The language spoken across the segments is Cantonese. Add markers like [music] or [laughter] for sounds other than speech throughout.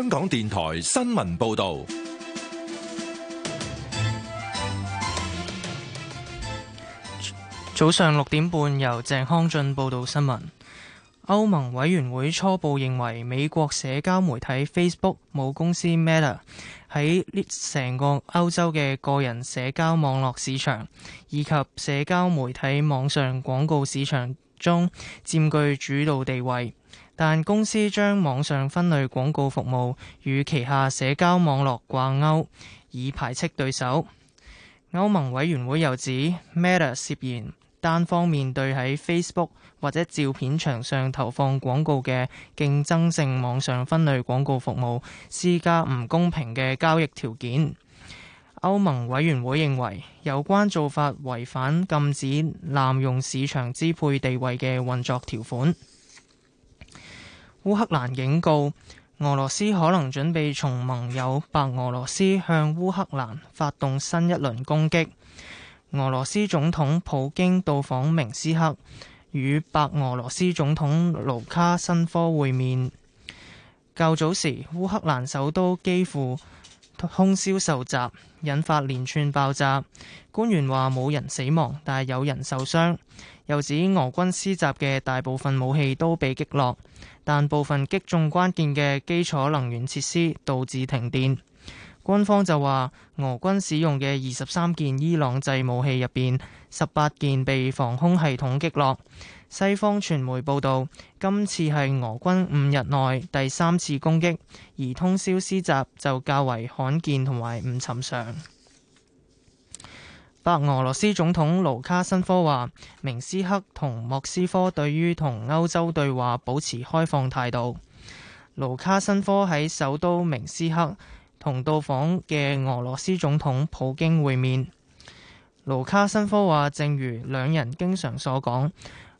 香港電台新聞報道，早上六點半由鄭康俊報道新聞。歐盟委員會初步認為，美國社交媒體 Facebook 母公司 Meta 喺呢成個歐洲嘅個人社交網絡市場以及社交媒體網上廣告市場中佔據主導地位。但公司將網上分類廣告服務與旗下社交網絡掛鈎，以排斥對手。歐盟委員會又指，Meta 涉嫌單方面對喺 Facebook 或者照片牆上投放廣告嘅競爭性網上分類廣告服務施加唔公平嘅交易條件。歐盟委員會認為有關做法違反禁止濫用市場支配地位嘅運作條款。烏克蘭警告俄羅斯可能準備從盟友白俄羅斯向烏克蘭發動新一輪攻擊。俄羅斯總統普京到訪明斯克，與白俄羅斯總統盧卡申科會面。較早時，烏克蘭首都幾乎通宵受襲，引發連串爆炸。官員話冇人死亡，但係有人受傷。又指俄軍施襲嘅大部分武器都被擊落。但部分擊中關鍵嘅基礎能源設施，導致停電。軍方就話，俄軍使用嘅二十三件伊朗製武器入邊，十八件被防空系統擊落。西方傳媒報道，今次係俄軍五日內第三次攻擊，而通宵施襲就較為罕見同埋唔尋常。白俄羅斯總統盧卡申科話：明斯克同莫斯科對於同歐洲對話保持開放態度。盧卡申科喺首都明斯克同到訪嘅俄羅斯總統普京會面。盧卡申科話：正如兩人經常所講，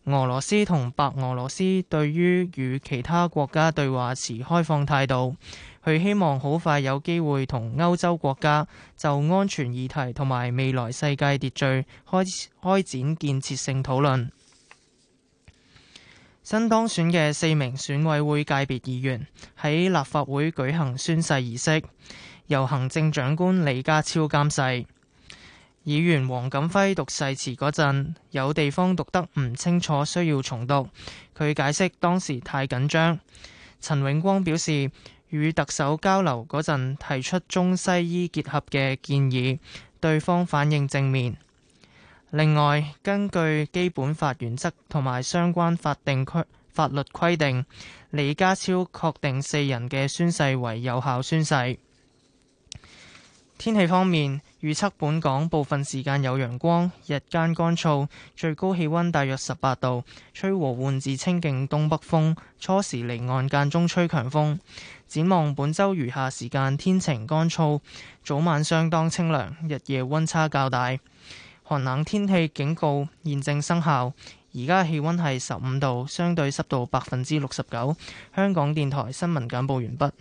俄羅斯同白俄羅斯對於與其他國家對話持開放態度。佢希望好快有機會同歐洲國家就安全議題同埋未來世界秩序開開展建設性討論。新當選嘅四名選委會界別議員喺立法會舉行宣誓儀式，由行政長官李家超監誓。議員黃錦輝讀誓詞嗰陣，有地方讀得唔清楚，需要重讀，佢解釋當時太緊張。陳永光表示，與特首交流嗰陣，提出中西醫結合嘅建議，對方反應正面。另外，根據基本法原則同埋相關法定規法律規定，李家超確定四人嘅宣誓為有效宣誓。天氣方面預測，預測本港部分時間有陽光，日間乾燥，最高氣温大約十八度，吹和緩至清勁東北風，初時離岸間中吹強風。展望本周餘下時間，天晴乾燥，早晚相當清涼，日夜温差較大。寒冷天氣警告現正生效。而家氣温係十五度，相對濕度百分之六十九。香港電台新聞簡報完畢。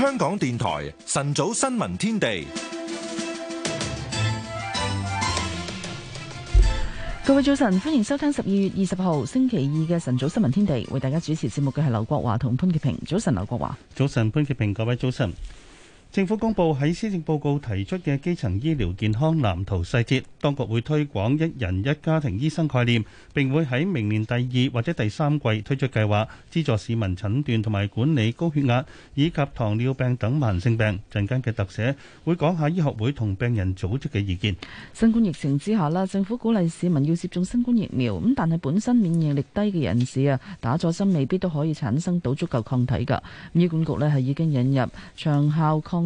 香港電台晨早新聞天地。各位早晨，歡迎收聽十二月二十號星期二嘅晨早新聞天地，為大家主持節目嘅係劉國華同潘潔平。早晨，劉國華。早晨，潘潔平。各位早晨。政府公布喺施政報告提出嘅基層醫療健康藍圖細節，當局會推廣一人一家庭醫生概念，並會喺明年第二或者第三季推出計劃，資助市民診斷同埋管理高血壓以及糖尿病等慢性病。陣間嘅特寫，會講下醫學會同病人組織嘅意見。新冠疫情之下啦，政府鼓勵市民要接種新冠疫苗，咁但係本身免疫力低嘅人士啊，打咗針未必都可以產生到足夠抗體㗎。醫管局咧係已經引入長效抗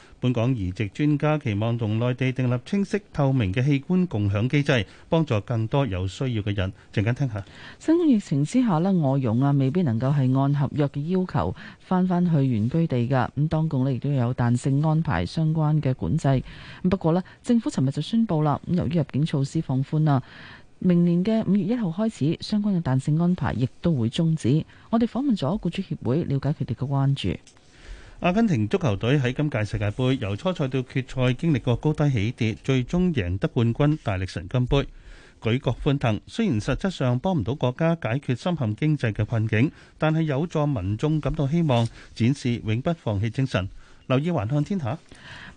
本港移植專家期望同內地訂立清晰透明嘅器官共享機制，幫助更多有需要嘅人。陣間聽下。新冠疫情之下咧，外傭啊未必能夠係按合約嘅要求翻翻去原居地㗎。咁當局咧亦都有彈性安排相關嘅管制。咁不過咧，政府尋日就宣布啦，咁由於入境措施放寬啦，明年嘅五月一號開始，相關嘅彈性安排亦都會終止。我哋訪問咗僱主協會，了解佢哋嘅關注。阿根廷足球隊喺今屆世界盃由初賽到決賽經歷過高低起跌，最終贏得冠軍大力神金杯，舉國歡騰。雖然實質上幫唔到國家解決深陷經濟嘅困境，但係有助民眾感到希望，展示永不放棄精神。留意環向天下，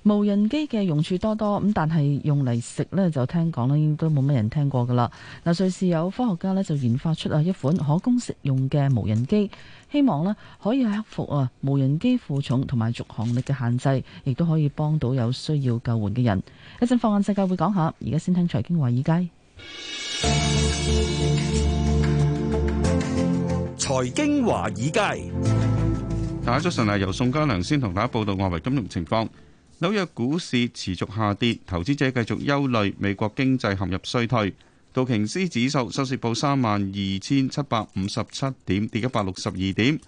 無人機嘅用處多多咁，但係用嚟食呢，就聽講咧，應該冇咩人聽過噶啦。嗱，瑞士有科學家呢，就研發出啊一款可供食用嘅無人機。希望咧可以克服啊無人機負重同埋續航力嘅限制，亦都可以幫到有需要救援嘅人。一陣放眼世界會講下，而家先聽財經華爾街。財經華爾街，大家早晨啊！由宋家良先同大家報道外圍金融情況。紐約股市持續下跌，投資者繼續憂慮美國經濟陷入衰退。道瓊斯指數收市報三萬二千七百五十七點，跌一百六十二點；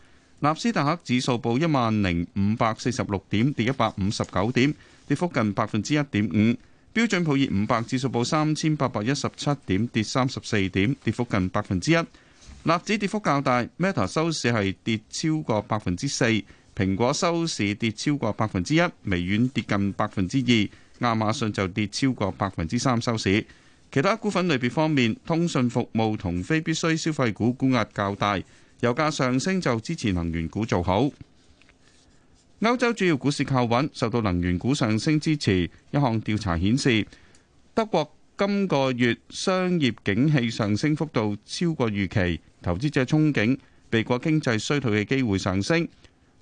納斯達克指數報一萬零五百四十六點，跌一百五十九點，跌幅近百分之一點五。標準普爾五百指數報三千八百一十七點，跌三十四點，跌幅近百分之一。納指跌幅較大，Meta 收市係跌超過百分之四，蘋果收市跌超過百分之一，微軟跌近百分之二，亞馬遜就跌超過百分之三收市。其他股份類別方面，通訊服務同非必須消費股估壓較大，油價上升就支持能源股做好。歐洲主要股市靠穩，受到能源股上升支持。一項調查顯示，德國今個月商業景氣上升幅度超過預期，投資者憧憬避過經濟衰退嘅機會上升。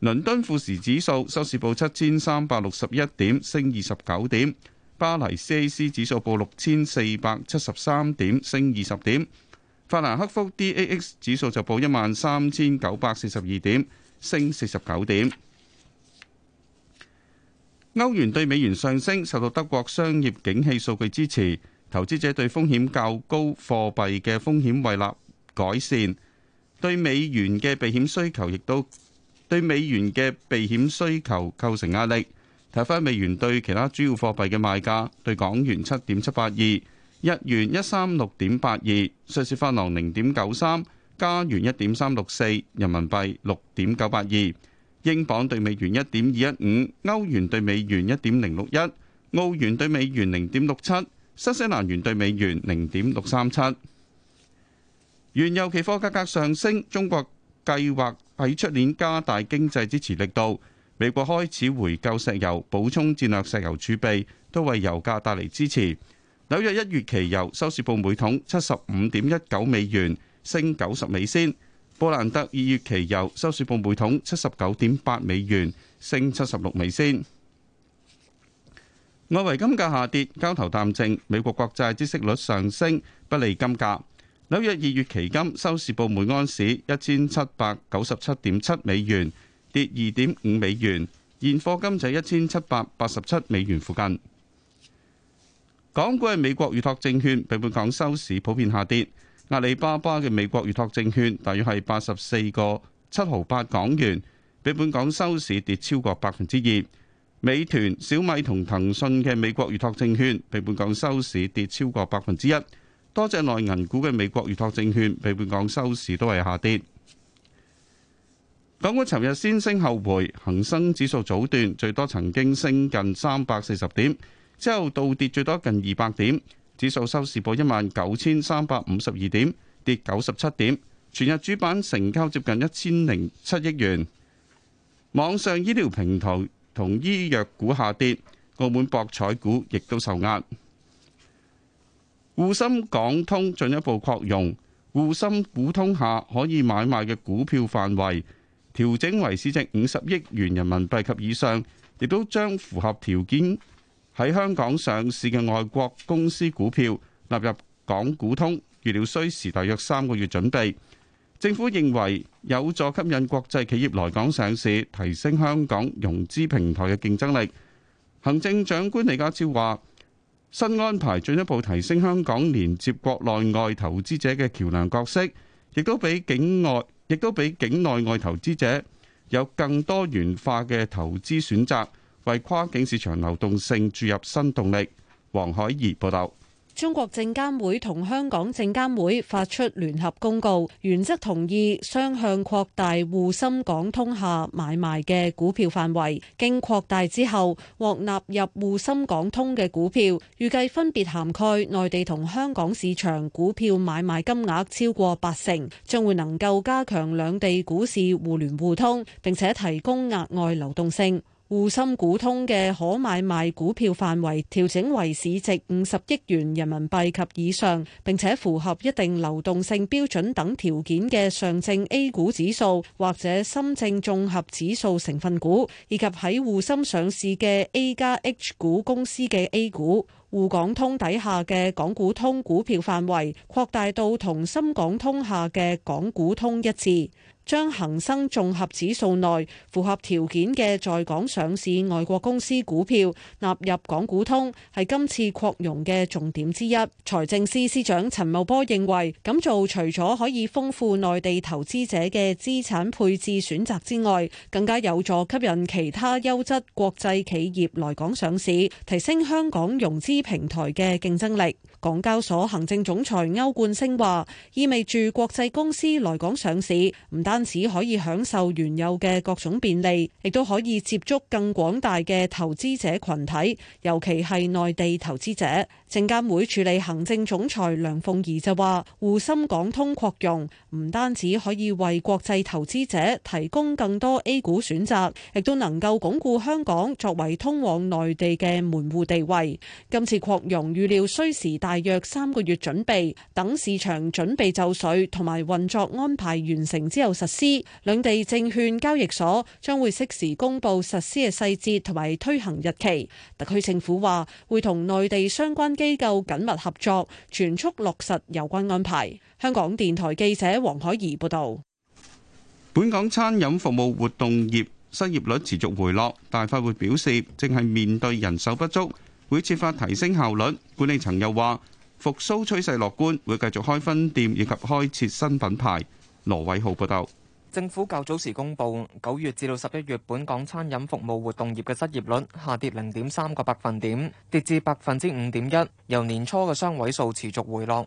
倫敦富時指數收市報七千三百六十一點，升二十九點。巴黎 CAC 指數報六千四百七十三點，升二十點。法蘭克福 DAX 指數就報一萬三千九百四十二點，升四十九點。歐元兌美元上升，受到德國商業景氣數據支持，投資者對風險較高貨幣嘅風險胃納改善，對美元嘅避險需求亦都對美元嘅避險需求構成壓力。睇翻美元對其他主要貨幣嘅賣價，對港元七點七八二，日元一三六點八二，瑞士法郎零點九三，加元一點三六四，人民幣六點九八二，英鎊對美元一點二一五，歐元對美元一點零六一，澳元對美元零點六七，新西蘭元對美元零點六三七。原油期貨價格上升，中國計劃喺出年加大經濟支持力度。美國開始回購石油，補充戰略石油儲備，都為油價帶嚟支持。紐約一月期油收市報每桶七十五點一九美元，升九十美仙。布蘭特二月期油收市報每桶七十九點八美元，升七十六美仙。外圍金價下跌，交投淡靜。美國國債孳息率上升，不利金價。紐約二月期金收市報每安士一千七百九十七點七美元。跌二點五美元，現貨金就一千七百八十七美元附近。港股嘅美國預託證券，比本港收市普遍下跌。阿里巴巴嘅美國預託證券大約係八十四個七毫八港元，比本港收市跌超過百分之二。美團、小米同騰訊嘅美國預託證券，比本港收市跌超過百分之一。多隻內銀股嘅美國預託證券，比本港收市都係下跌。港股尋日先升後回，恒生指數早段最多曾經升近三百四十點，之後倒跌最多近二百點，指數收市報一萬九千三百五十二點，跌九十七點。全日主板成交接近一千零七億元。網上醫療平台同醫藥股下跌，澳門博彩股亦都受壓。滬深港通進一步擴容，滬深股通下可以買賣嘅股票範圍。調整為市值五十億元人民幣及以上，亦都將符合條件喺香港上市嘅外國公司股票納入港股通。預料需時大約三個月準備。政府認為有助吸引國際企業來港上市，提升香港融資平台嘅競爭力。行政長官李家超話：新安排進一步提升香港連接國內外投資者嘅橋梁角色，亦都俾境外。亦都俾境內外投資者有更多元化嘅投資選擇，為跨境市場流動性注入新動力。黃海怡報導。中國證監會同香港證監會發出聯合公告，原則同意雙向擴大滬深港通下買賣嘅股票範圍。經擴大之後，獲納入滬深港通嘅股票，預計分別涵蓋內地同香港市場股票買賣金額超過八成，將會能夠加強兩地股市互聯互通，並且提供額外流動性。滬深股通嘅可買賣股票範圍調整為市值五十億元人民幣及以上，並且符合一定流動性標準等條件嘅上證 A 股指數或者深證綜合指數成分股，以及喺滬深上市嘅 A 加 H 股公司嘅 A 股，滬港通底下嘅港股通股票範圍擴大到同深港通下嘅港股通一致。將恒生綜合指數內符合條件嘅在港上市外國公司股票納入港股通，係今次擴容嘅重點之一。財政司司長陳茂波認為，咁做除咗可以豐富內地投資者嘅資產配置選擇之外，更加有助吸引其他優質國際企業來港上市，提升香港融資平台嘅競爭力。港交所行政總裁歐冠升話，意味住國際公司來港上市，唔單止可以享受原有嘅各種便利，亦都可以接觸更廣大嘅投資者群體，尤其係內地投資者。證監會處理行政總裁梁鳳儀就話，滬深港通擴容唔單止可以為國際投資者提供更多 A 股選擇，亦都能夠鞏固香港作為通往內地嘅門戶地位。今次擴容預料需時大。大約三個月準備，等市場準備就緒同埋運作安排完成之後實施。兩地證券交易所將會適時公布實施嘅細節同埋推行日期。特區政府話會同內地相關機構緊密合作，全速落實有關安排。香港電台記者黃海怡報道。本港餐飲服務活動業失業率持續回落，大快活表示正係面對人手不足。會設法提升效率。管理層又話，復蘇趨勢樂觀，會繼續開分店以及開設新品牌。羅偉浩報道。政府較早時公布，九月至到十一月本港餐飲服務活動業嘅失業率下跌零點三個百分點，跌至百分之五點一，由年初嘅雙位數持續回落。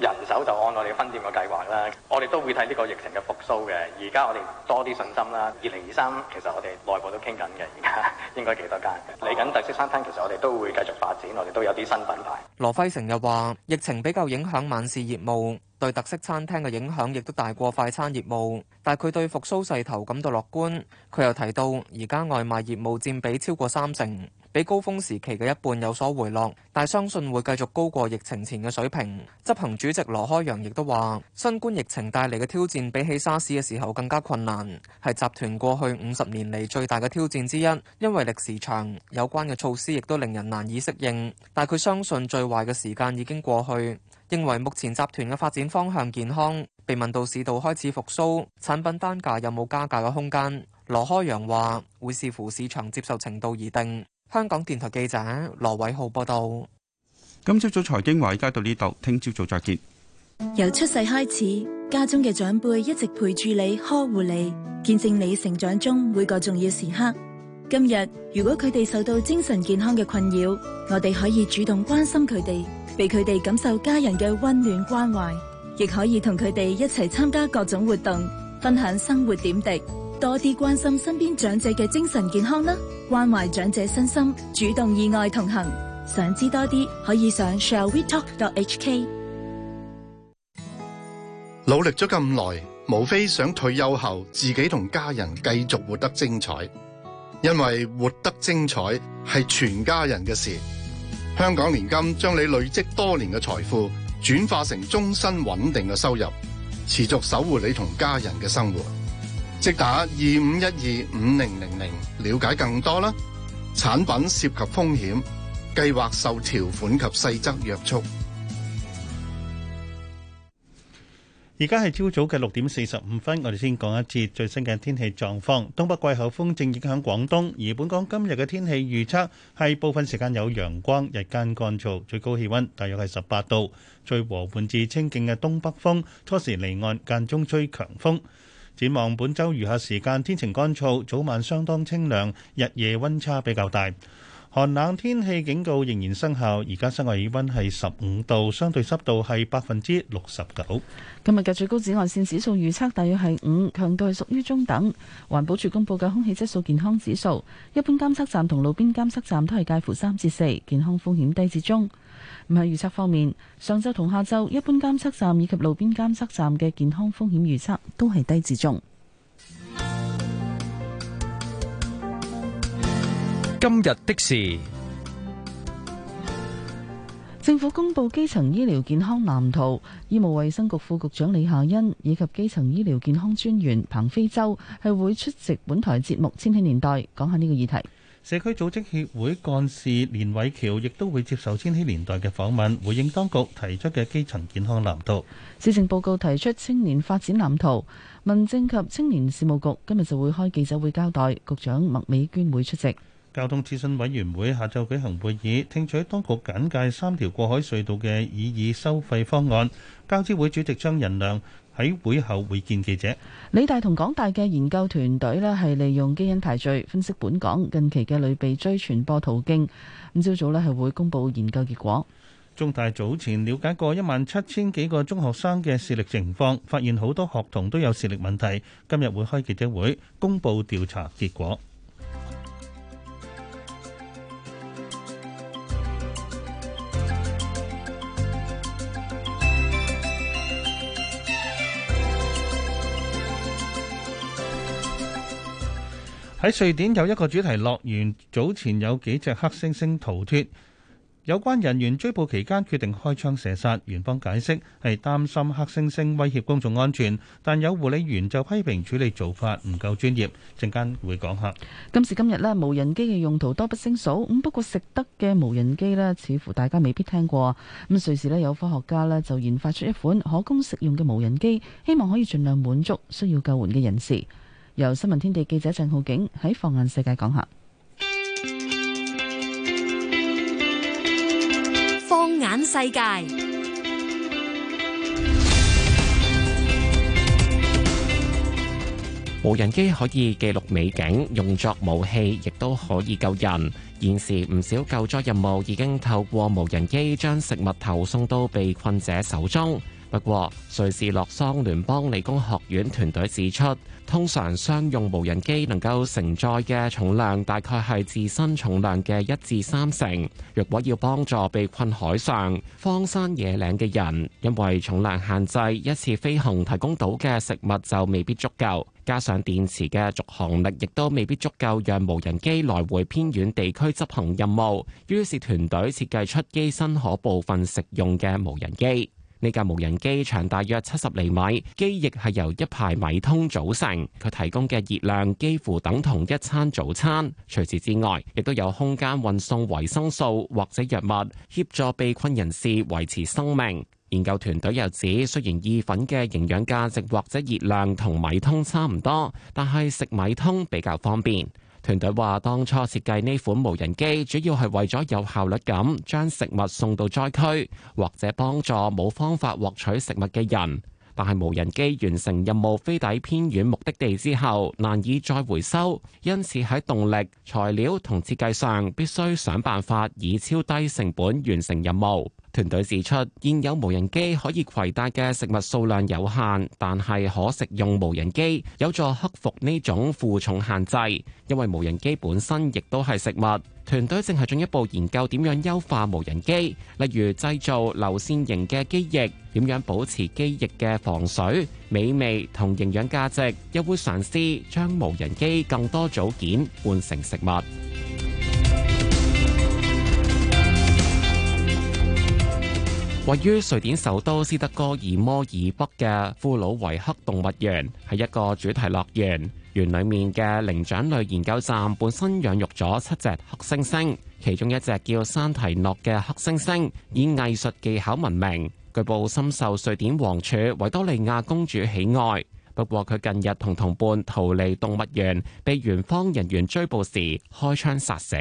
人手就按我哋分店嘅計劃啦，我哋都會睇呢個疫情嘅復甦嘅。而家我哋多啲信心啦。二零二三其實我哋內部都傾緊嘅，而家應該幾多間嘅，嚟緊特色餐廳其實我哋都會繼續發展，我哋都有啲新品牌。羅輝成又話疫情比較影響晚市業務，對特色餐廳嘅影響亦都大過快餐業務，但係佢對復甦勢頭感到樂觀，佢又提到，而家外賣業務佔比超過三成。比高峰時期嘅一半有所回落，但相信會繼續高過疫情前嘅水平。執行主席羅開陽亦都話新冠疫情帶嚟嘅挑戰比起沙士嘅時候更加困難，係集團過去五十年嚟最大嘅挑戰之一，因為歷時長，有關嘅措施亦都令人難以適應，但佢相信最壞嘅時間已經過去，認為目前集團嘅發展方向健康。被問到市道開始復甦，產品單價有冇加價嘅空間，羅開陽話會視乎市場接受程度而定。香港電台記者羅偉浩報道。今朝早財經話，而家到呢度，聽朝早再見。由出世開始，家中嘅長輩一直陪住你、呵護你、見證你成長中每個重要時刻。今日如果佢哋受到精神健康嘅困擾，我哋可以主動關心佢哋，俾佢哋感受家人嘅溫暖關懷，亦可以同佢哋一齊參加各種活動，分享生活點滴。多啲關心身邊長者嘅精神健康啦，關懷長者身心，主動意外同行。想知多啲，可以上 shall we talk. HK。努力咗咁耐，無非想退休後自己同家人繼續活得精彩，因為活得精彩係全家人嘅事。香港年金將你累積多年嘅財富轉化成終身穩定嘅收入，持續守護你同家人嘅生活。即打二五一二五零零零了解更多啦！產品涉及風險，計劃受條款及細則約束。而家係朝早嘅六點四十五分，我哋先講一次最新嘅天氣狀況。東北季候風正影響廣東，而本港今日嘅天氣預測，係部分時間有陽光，日間乾燥，最高氣溫大約係十八度。最和緩至清勁嘅東北風初時離岸，間中吹強風。展望本周餘下時間，天晴乾燥，早晚相當清涼，日夜溫差比較大。寒冷天氣警告仍然生效。而家室外氣溫係十五度，相對濕度係百分之六十九。今日嘅最高紫外線指數預測大約係五，強度係屬於中等。環保署公布嘅空氣質素健康指數，一般監測站同路邊監測站都係介乎三至四，健康風險低至中。唔係預測方面，上晝同下晝一般監測站以及路邊監測站嘅健康風險預測都係低至中。今日的事，政府公布基層醫療健康藍圖，醫務衛生局副局長李夏茵以及基層醫療健康專員彭飛舟係會出席本台節目《千禧年代》，講下呢個議題。社區組織協會幹事連偉橋亦都會接受《千禧年代》嘅訪問，回應當局提出嘅基層健康藍圖。施政報告提出青年發展藍圖，民政及青年事務局今日就會開記者會交代，局長麥美娟會出席交通諮詢委員會下晝舉行會議，聽取當局簡介三條過海隧道嘅擬議收費方案。交諮會主席張仁良喺會後會見記者。理大同港大嘅研究團隊咧，係利用基因排序分析本港近期嘅類鼻疽傳播途徑。咁朝早咧係會公布研究結果。中大早前了解過一萬七千幾個中學生嘅視力情況，發現好多學童都有視力問題。今日會開記者會公布調查結果。喺瑞典有一個主題樂園，早前有幾隻黑猩猩逃脫，有關人員追捕期間決定開槍射殺，園方解釋係擔心黑猩猩威脅公眾安全，但有護理員就批評處理做法唔夠專業。陣間會講下。今時今日呢，無人機嘅用途多不勝數，咁不過食得嘅無人機呢，似乎大家未必聽過。咁瑞士呢有科學家呢，就研發出一款可供食用嘅無人機，希望可以盡量滿足需要救援嘅人士。由新聞天地記者鄭浩景喺放眼世界講下。放眼世界，無人機可以記錄美景，用作武器，亦都可以救人。現時唔少救災任務已經透過無人機將食物投送到被困者手中。不過，瑞士洛桑聯邦理工學院團隊指出，通常商用無人機能夠承載嘅重量大概係自身重量嘅一至三成。若果要幫助被困海上、荒山野嶺嘅人，因為重量限制，一次飛行提供到嘅食物就未必足夠，加上電池嘅續航力亦都未必足夠讓無人機來回偏遠地區執行任務，於是團隊設計出機身可部分食用嘅無人機。呢架無人機長大約七十厘米，機翼係由一排米通組成。佢提供嘅熱量幾乎等同一餐早餐。除此之外，亦都有空間運送維生素或者藥物，協助被困人士維持生命。研究團隊又指，雖然意粉嘅營養價值或者熱量同米通差唔多，但係食米通比較方便。團隊話當初設計呢款無人機，主要係為咗有效率咁將食物送到災區，或者幫助冇方法獲取食物嘅人。但係無人機完成任務飛抵偏遠目的地之後，難以再回收，因此喺動力、材料同設計上，必須想辦法以超低成本完成任務。團隊指出，現有無人機可以攜帶嘅食物數量有限，但係可食用無人機有助克服呢種負重限制，因為無人機本身亦都係食物。團隊正係進一步研究點樣優化無人機，例如製造流線型嘅機翼，點樣保持機翼嘅防水、美味同營養價值，又會嘗試將無人機更多組件換成食物。位於瑞典首都斯德哥爾摩以北嘅富魯維克動物園係一個主題樂園，園裏面嘅靈長類研究站本身養育咗七隻黑猩猩，其中一隻叫山提諾嘅黑猩猩以藝術技巧聞名，據報深受瑞典王儲維多利亞公主喜愛。不過佢近日同同伴逃離動物園，被園方人員追捕時開槍殺死。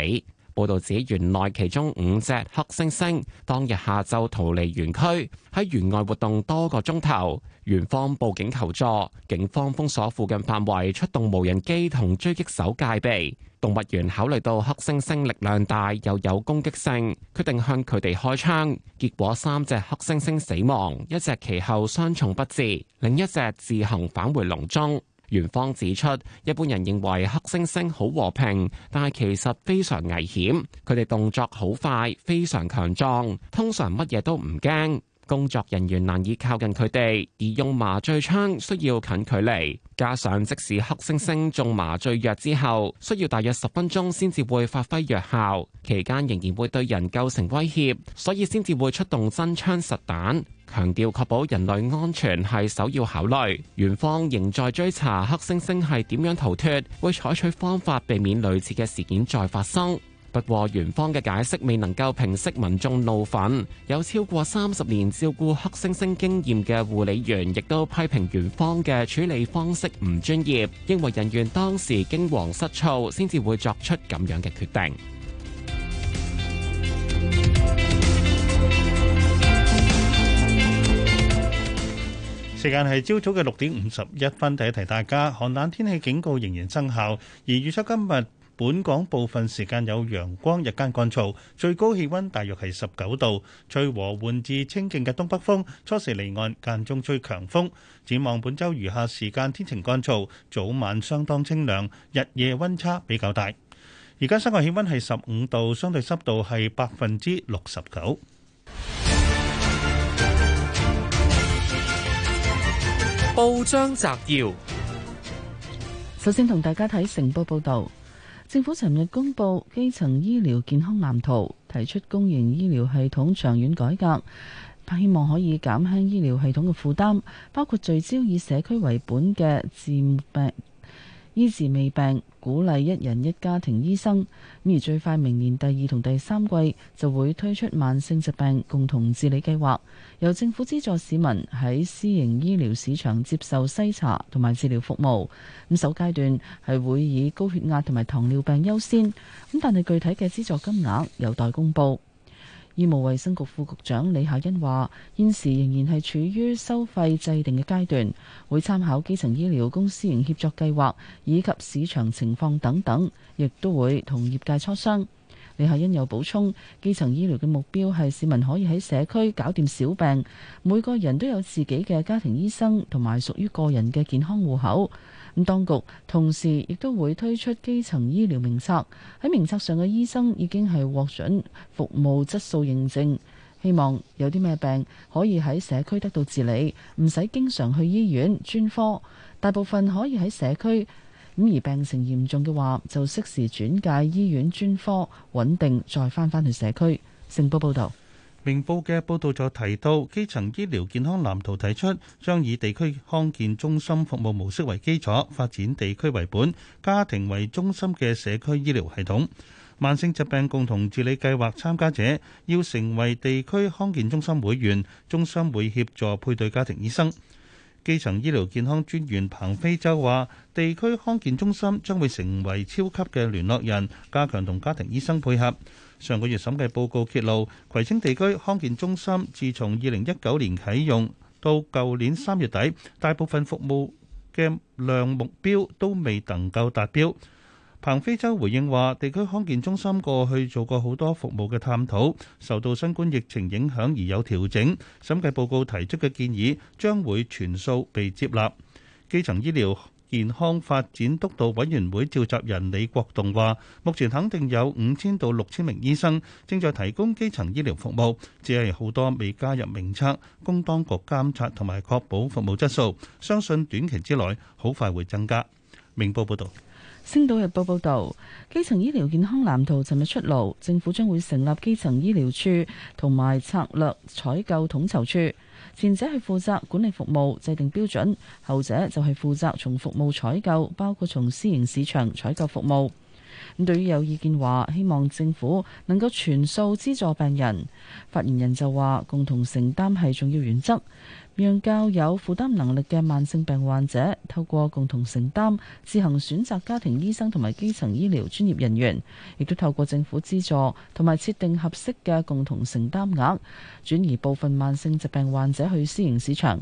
報道指園內其中五隻黑猩猩當日下晝逃離園區，喺園外活動多個鐘頭。園方報警求助，警方封鎖附近範圍，出動無人機同狙擊手戒備。動物園考慮到黑猩猩力量大又有攻擊性，決定向佢哋開槍。結果三隻黑猩猩死亡，一隻其後傷重不治，另一隻自行返回籠中。園方指出，一般人認為黑猩猩好和平，但係其實非常危險。佢哋動作好快，非常強壯，通常乜嘢都唔驚。工作人員難以靠近佢哋，而用麻醉槍需要近距離，加上即使黑猩猩中麻醉藥之後需要大約十分鐘先至會發揮藥效，期間仍然會對人構成威脅，所以先至會出動真槍實彈，強調確保人類安全係首要考慮，園方仍在追查黑猩猩係點樣逃脫，會採取方法避免類似嘅事件再發生。不過園方嘅解釋未能夠平息民眾怒憤，有超過三十年照顧黑猩猩經驗嘅護理員亦都批評園方嘅處理方式唔專業，認為人員當時驚惶失措，先至會作出咁樣嘅決定。時間係朝早嘅六點五十一分，提提大家，寒冷天氣警告仍然生效，而預測今日。本港部分時間有陽光，日間乾燥，最高氣溫大約係十九度，吹和緩至清勁嘅東北風，初時離岸，間中吹強風。展望本周餘下時間，天晴乾燥，早晚相當清涼，日夜溫差比較大。而家室外氣溫係十五度，相對濕度係百分之六十九。報章摘要，首先同大家睇成報報道。政府尋日公布《基層醫療健康藍圖》，提出公營醫療系統長遠改革，希望可以減輕醫療系統嘅負擔，包括聚焦以社區為本嘅治病。醫治未病，鼓勵一人一家庭醫生。咁而最快明年第二同第三季就會推出慢性疾病共同治理計劃，由政府資助市民喺私營醫療市場接受篩查同埋治療服務。咁首階段係會以高血壓同埋糖尿病優先。咁但係具體嘅資助金額有待公布。醫務衛生局副局長李夏恩話：現時仍然係處於收費制定嘅階段，會參考基層醫療公私營協作計劃以及市場情況等等，亦都會同業界磋商。李夏恩又補充：基層醫療嘅目標係市民可以喺社區搞掂小病，每個人都有自己嘅家庭醫生同埋屬於個人嘅健康戶口。咁當局同時亦都會推出基層醫療名冊，喺名冊上嘅醫生已經係獲准服務質素認證，希望有啲咩病可以喺社區得到治理，唔使經常去醫院專科，大部分可以喺社區。咁而病情嚴重嘅話，就適時轉介醫院專科穩定，再返返去社區。成報報道。明報嘅報道就提到，基層醫療健康藍圖提出，將以地區康健中心服務模式為基礎，發展地區為本、家庭為中心嘅社區醫療系統。慢性疾病共同治理計劃參加者要成為地區康健中心會員，中心會協助配對家庭醫生。基層醫療健康專員彭飛洲話：地區康健中心將會成為超級嘅聯絡人，加強同家庭醫生配合。上個月審計報告揭露，葵青地區康健中心自從二零一九年啟用到舊年三月底，大部分服務嘅量目標都未能夠達標。彭非洲回應話，地區康健中心過去做過好多服務嘅探討，受到新冠疫情影響而有調整。審計報告提出嘅建議將會全數被接納。基層醫療健康發展督導委員會召集人李國棟話：目前肯定有五千到六千名醫生正在提供基層醫療服務，只係好多未加入名冊，供當局監察同埋確保服務質素。相信短期之內好快會增加。明報報導，《星島日報》報導，基層醫療健康藍圖尋日出爐，政府將會成立基層醫療處同埋策略採購統籌處。前者係負責管理服務、制定標準，後者就係負責從服務採購，包括從私營市場採購服務。咁對於有意見話希望政府能夠全數資助病人，發言人就話共同承擔係重要原則。讓較有負擔能力嘅慢性病患者透過共同承擔自行選擇家庭醫生同埋基層醫療專業人員，亦都透過政府資助同埋設定合適嘅共同承擔額，轉移部分慢性疾病患者去私營市場。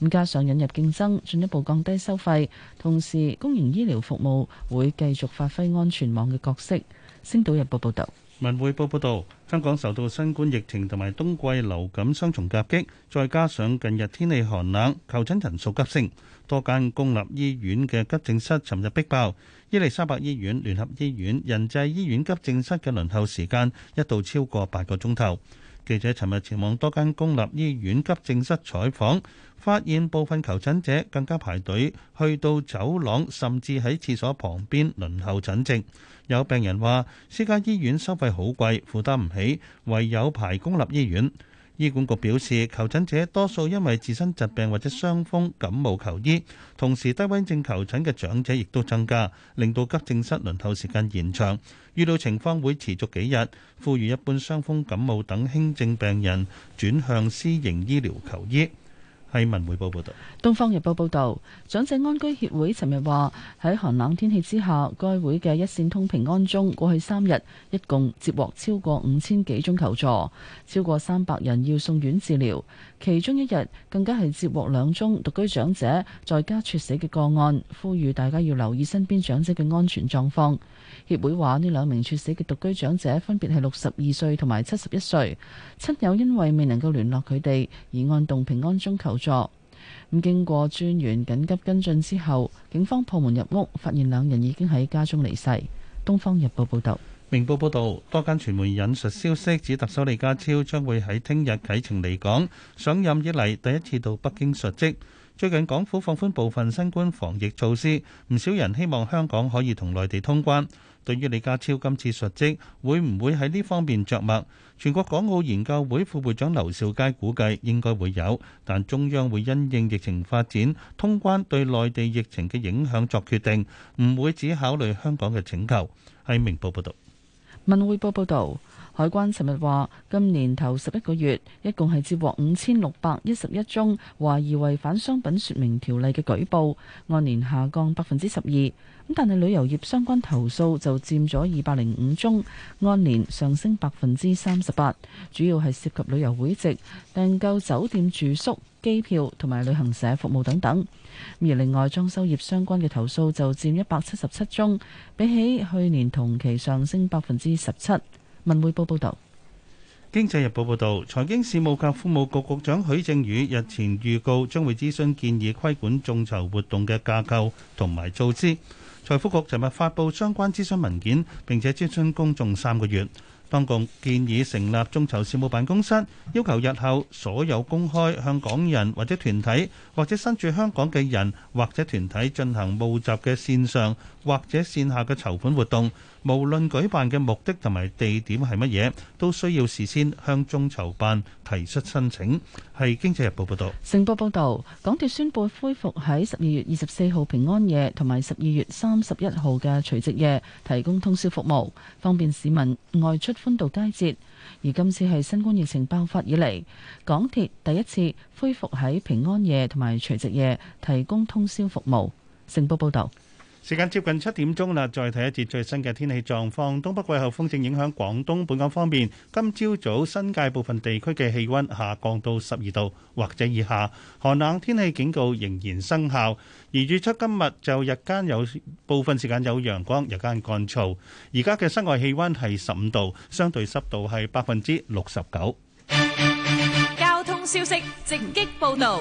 咁加上引入競爭，進一步降低收費，同時公營醫療服務會繼續發揮安全網嘅角色。星島日報報道。文匯報報道，香港受到新冠疫情同埋冬季流感雙重夾擊，再加上近日天氣寒冷，求診人數急升，多間公立醫院嘅急症室尋日逼爆，伊利沙伯醫院、聯合醫院、仁濟醫院急症室嘅輪候時間一度超過八個鐘頭。記者尋日前往多間公立醫院急症室採訪，發現部分求診者更加排隊，去到走廊，甚至喺廁所旁邊輪候診症。有病人話：私家醫院收費好貴，負擔唔起，唯有排公立醫院。醫管局表示，求診者多數因為自身疾病或者傷風感冒求醫，同時低溫症求診嘅長者亦都增加，令到急症室輪候時間延長。遇到情況會持續幾日，呼籲一般傷風感冒等輕症病人轉向私營醫療求醫。係文匯報報道，東方日報報道，長者安居協會尋日話喺寒冷天氣之下，該會嘅一線通平安鐘，過去三日，一共接獲超過五千幾宗求助，超過三百人要送院治療，其中一日更加係接獲兩宗獨居長者在家猝死嘅個案，呼籲大家要留意身邊長者嘅安全狀況。協會話：呢兩名猝死嘅獨居長者分別係六十二歲同埋七十一歲，親友因為未能夠聯絡佢哋，而按動平安鐘求助。咁經過專員緊急跟進之後，警方破門入屋，發現兩人已經喺家中離世。《東方日報》報道，《明報》報道，多間傳媒引述消息指，特首李家超將會喺聽日啟程離港，上任以嚟第一次到北京述職。最近港府放寬部分新冠防疫措施，唔少人希望香港可以同內地通關。對於李家超今次述職，會唔會喺呢方面着墨？全國港澳研究會副會長劉兆佳估計應該會有，但中央會因應疫情發展、通關對內地疫情嘅影響作決定，唔會只考慮香港嘅請求。喺明報報導，文匯報報導，海關尋日話，今年頭十一個月，一共係接獲五千六百一十一宗懷疑違反商品説明條例嘅舉報，按年下降百分之十二。但係旅遊業相關投訴就佔咗二百零五宗，按年上升百分之三十八，主要係涉及旅遊會籍、訂購酒店住宿、機票同埋旅行社服務等等。而另外裝修業相關嘅投訴就佔一百七十七宗，比起去年同期上升百分之十七。文匯報報道，《經濟日報》報道，財經事務及庫務局局局長許正宇日前預告將會諮詢建議規管眾籌活動嘅架構同埋組織。財富局尋日發布相關諮詢文件，並且諮詢公眾三個月。當局建議成立中籌事務辦公室，要求日後所有公開向港人或者團體或者身住香港嘅人或者團體進行募集嘅線上或者線下嘅籌款活動，無論舉辦嘅目的同埋地點係乜嘢，都需要事先向中籌辦提出申請。係《經濟日報》報道。成報報導，港鐵宣布恢復喺十二月二十四號平安夜同埋十二月三十一號嘅除夕夜提供通宵服務，方便市民外出歡度佳節。而今次係新冠疫情爆發以嚟，港鐵第一次恢復喺平安夜同埋除夕夜提供通宵服務。成報報導。時間接近七點鐘啦，再睇一節最新嘅天氣狀況。東北季候風正影響廣東，本港方面，今朝早新界部分地區嘅氣溫下降到十二度或者以下，寒冷天氣警告仍然生效。而預測今日就日間有部分時間有陽光，日間乾燥。而家嘅室外氣溫係十五度，相對濕度係百分之六十九。交通消息，直擊報道。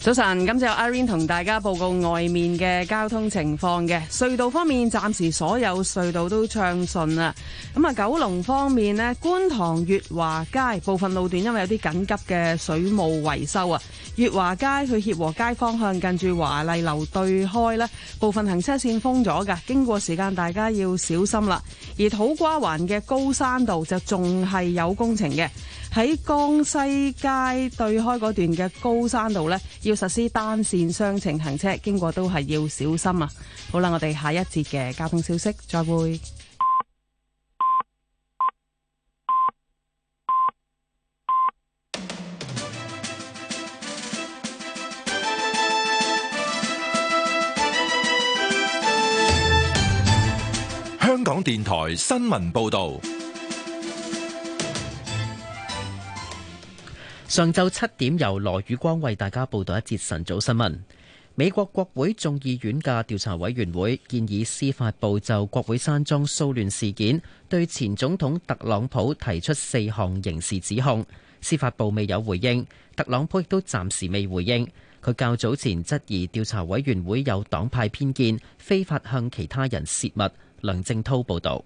早晨，咁就阿 Irene 同大家報告外面嘅交通情況嘅。隧道方面，暫時所有隧道都暢順啦。咁啊，九龍方面呢，觀塘月華街部分路段因為有啲緊急嘅水務維修啊，月華街去協和街方向近住華麗樓對開呢部分行車線封咗噶，經過時間大家要小心啦。而土瓜灣嘅高山道就仲係有工程嘅。喺江西街對開嗰段嘅高山道呢，要實施單線雙程行車，經過都係要小心啊！好啦，我哋下一節嘅交通消息，再會。香港電台新聞報道。上晝七點，由羅宇光為大家報道一節晨早新聞。美國國會眾議院嘅調查委員會建議司法部就國會山莊騷亂事件對前總統特朗普提出四項刑事指控。司法部未有回應，特朗普亦都暫時未回應。佢較早前質疑調查委員會有黨派偏見，非法向其他人泄密。梁正濤報道。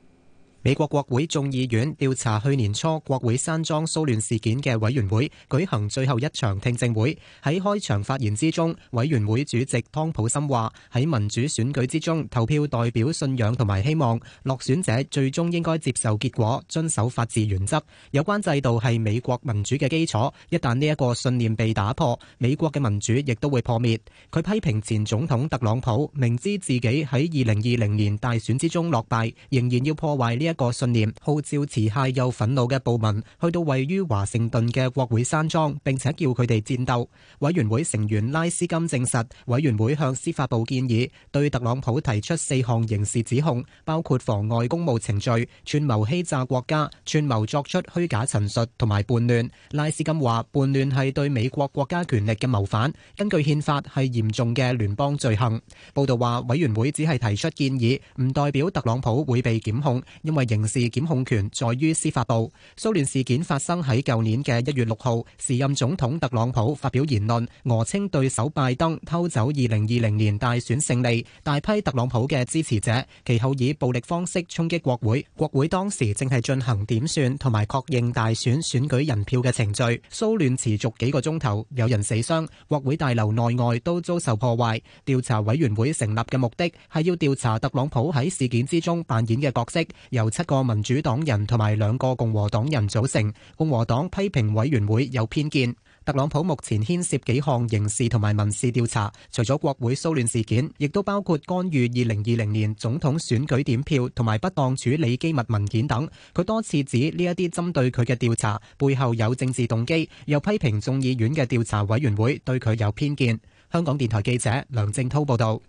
美國國會眾議院調查去年初國會山莊騷亂事件嘅委員會舉行最後一場聽證會。喺開場發言之中，委員會主席湯普森話：喺民主選舉之中，投票代表信仰同埋希望，落選者最終應該接受結果，遵守法治原則。有關制度係美國民主嘅基礎。一旦呢一個信念被打破，美國嘅民主亦都會破滅。佢批評前總統特朗普明知自己喺二零二零年大選之中落敗，仍然要破壞呢一。一個信念號召持械又憤怒嘅暴民去到位於華盛頓嘅國會山莊，並且叫佢哋戰鬥。委員會成員拉斯金證實，委員會向司法部建議對特朗普提出四項刑事指控，包括妨礙公務程序、串謀欺詐國家、串謀作出虛假陳述同埋叛亂。拉斯金話：叛亂係對美國國家權力嘅謀反，根據憲法係嚴重嘅聯邦罪行。報道話，委員會只係提出建議，唔代表特朗普會被檢控，因為。刑事檢控權在於司法部。騷亂事件發生喺舊年嘅一月六號，時任總統特朗普發表言論，訛稱對手拜登偷走二零二零年大選勝利，大批特朗普嘅支持者其後以暴力方式衝擊國會，國會當時正係進行點算同埋確認大選選舉人票嘅程序。騷亂持續幾個鐘頭，有人死傷，國會大樓內外都遭受破壞。調查委員會成立嘅目的係要調查特朗普喺事件之中扮演嘅角色，由七個民主黨人同埋兩個共和黨人組成，共和黨批評委員會有偏見。特朗普目前牽涉幾項刑事同埋民事調查，除咗國會騷亂事件，亦都包括干預二零二零年總統選舉點票同埋不當處理機密文件等。佢多次指呢一啲針對佢嘅調查背後有政治動機，又批評眾議院嘅調查委員會對佢有偏見。香港電台記者梁正濤報道。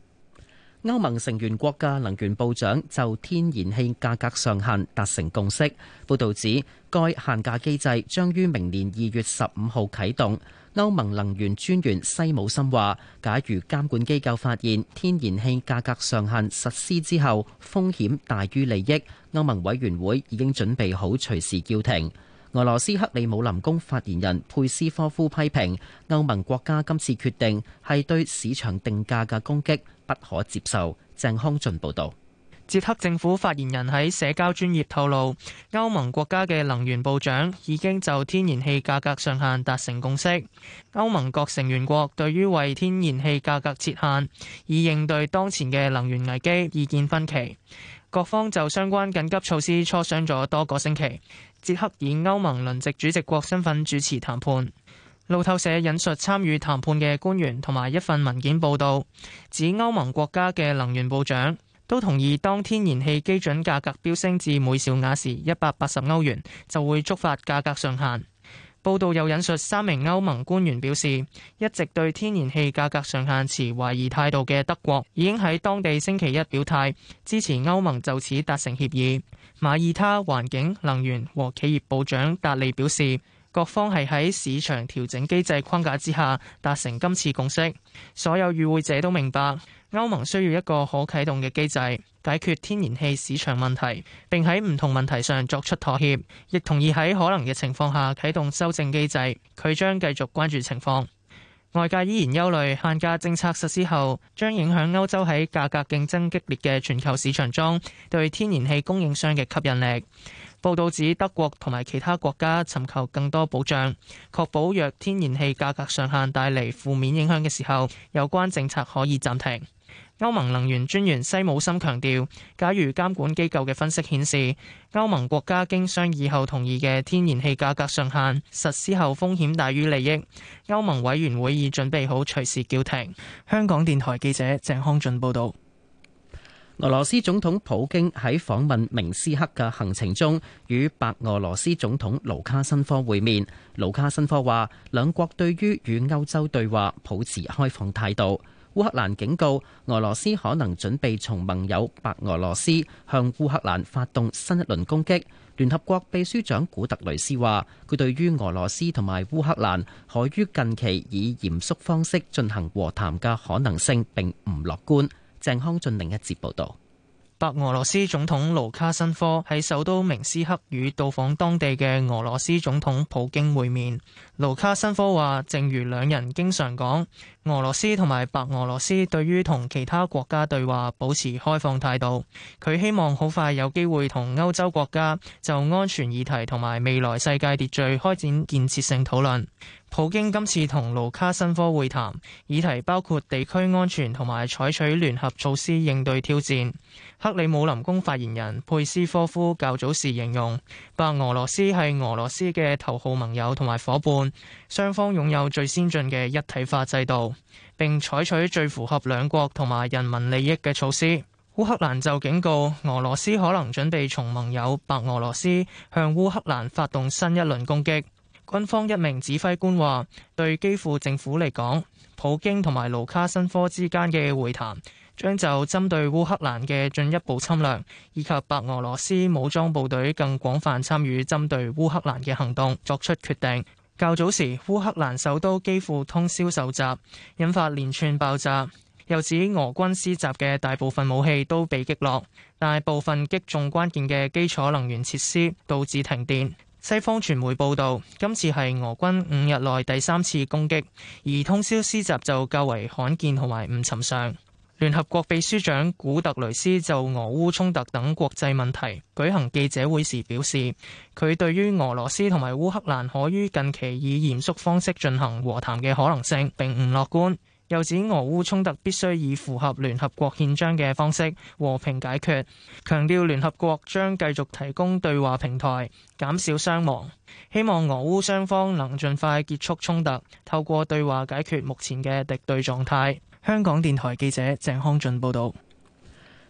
歐盟成員國家能源部長就天然氣價格上限達成共識。報道指，該限價機制將於明年二月十五號啟動。歐盟能源專員西姆森話，假如監管機構發現天然氣價格上限實施之後風險大於利益，歐盟委員會已經準備好隨時叫停。俄羅斯克里姆林宮發言人佩斯科夫批評歐盟國家今次決定係對市場定價嘅攻擊。不可接受。鄭康俊報道，捷克政府發言人喺社交專業透露，歐盟國家嘅能源部長已經就天然氣價格上限達成共識。歐盟各成員國對於為天然氣價格設限，以應對當前嘅能源危機意見分歧，各方就相關緊急措施磋商咗多個星期。捷克以歐盟輪值主席國身份主持談判。路透社引述參與談判嘅官員同埋一份文件報道，指歐盟國家嘅能源部長都同意當天然氣基準價格飆升至每兆瓦時一百八十歐元，就會觸發價格上限。報道又引述三名歐盟官員表示，一直對天然氣價格上限持懷疑態度嘅德國已經喺當地星期一表態支持歐盟就此達成協議。馬爾他環境、能源和企業部長達利表示。各方係喺市場調整機制框架之下達成今次共識。所有與會者都明白，歐盟需要一個可啟動嘅機制，解決天然氣市場問題，並喺唔同問題上作出妥協，亦同意喺可能嘅情況下啟動修正機制。佢將繼續關注情況。外界依然憂慮，限價政策實施後，將影響歐洲喺價格競爭激烈嘅全球市場中對天然氣供應商嘅吸引力。報道指德國同埋其他國家尋求更多保障，確保若天然氣價格上限帶嚟負面影響嘅時候，有關政策可以暫停。歐盟能源專員西姆森強調，假如監管機構嘅分析顯示歐盟國家經商議後同意嘅天然氣價格上限實施後風險大於利益，歐盟委員會已準備好隨時叫停。香港電台記者鄭康俊報導。俄羅斯總統普京喺訪問明斯克嘅行程中，與白俄羅斯總統盧卡申科會面。盧卡申科話，兩國對於與歐洲對話抱持開放態度。烏克蘭警告俄羅斯可能準備從盟友白俄羅斯向烏克蘭發動新一輪攻擊。聯合國秘書長古特雷斯話，佢對於俄羅斯同埋烏克蘭可於近期以嚴肅方式進行和談嘅可能性，並唔樂觀。鄭康俊另一節報道，白俄羅斯總統盧卡申科喺首都明斯克與到訪當地嘅俄羅斯總統普京會面。盧卡申科話，正如兩人經常講，俄羅斯同埋白俄羅斯對於同其他國家對話保持開放態度。佢希望好快有機會同歐洲國家就安全議題同埋未來世界秩序開展建設性討論。普京今次同盧卡申科會談，議題包括地區安全同埋採取聯合措施應對挑戰。克里姆林宮發言人佩斯科夫較早時形容，白俄羅斯係俄羅斯嘅頭號盟友同埋伙伴，雙方擁有最先進嘅一體化制度，並採取最符合兩國同埋人民利益嘅措施。烏克蘭就警告，俄羅斯可能準備從盟友白俄羅斯向烏克蘭發動新一輪攻擊。軍方一名指揮官話：對基輔政府嚟講，普京同埋盧卡申科之間嘅會談將就針對烏克蘭嘅進一步侵略以及白俄羅斯武裝部隊更廣泛參與針對烏克蘭嘅行動作出決定。較早時，烏克蘭首都基輔通宵受襲，引發連串爆炸。又指俄軍施襲嘅大部分武器都被擊落，但係部分擊中關鍵嘅基礎能源設施，導致停電。西方傳媒報導，今次係俄軍五日內第三次攻擊，而通宵施襲就較為罕見同埋唔尋常。聯合國秘書長古特雷斯就俄烏衝突等國際問題舉行記者會時表示，佢對於俄羅斯同埋烏克蘭可於近期以嚴肅方式進行和談嘅可能性並唔樂觀。又指俄烏衝突必須以符合聯合國憲章嘅方式和平解決，強調聯合國將繼續提供對話平台，減少傷亡，希望俄烏雙方能盡快結束衝突，透過對話解決目前嘅敵對狀態。香港電台記者鄭康俊報道，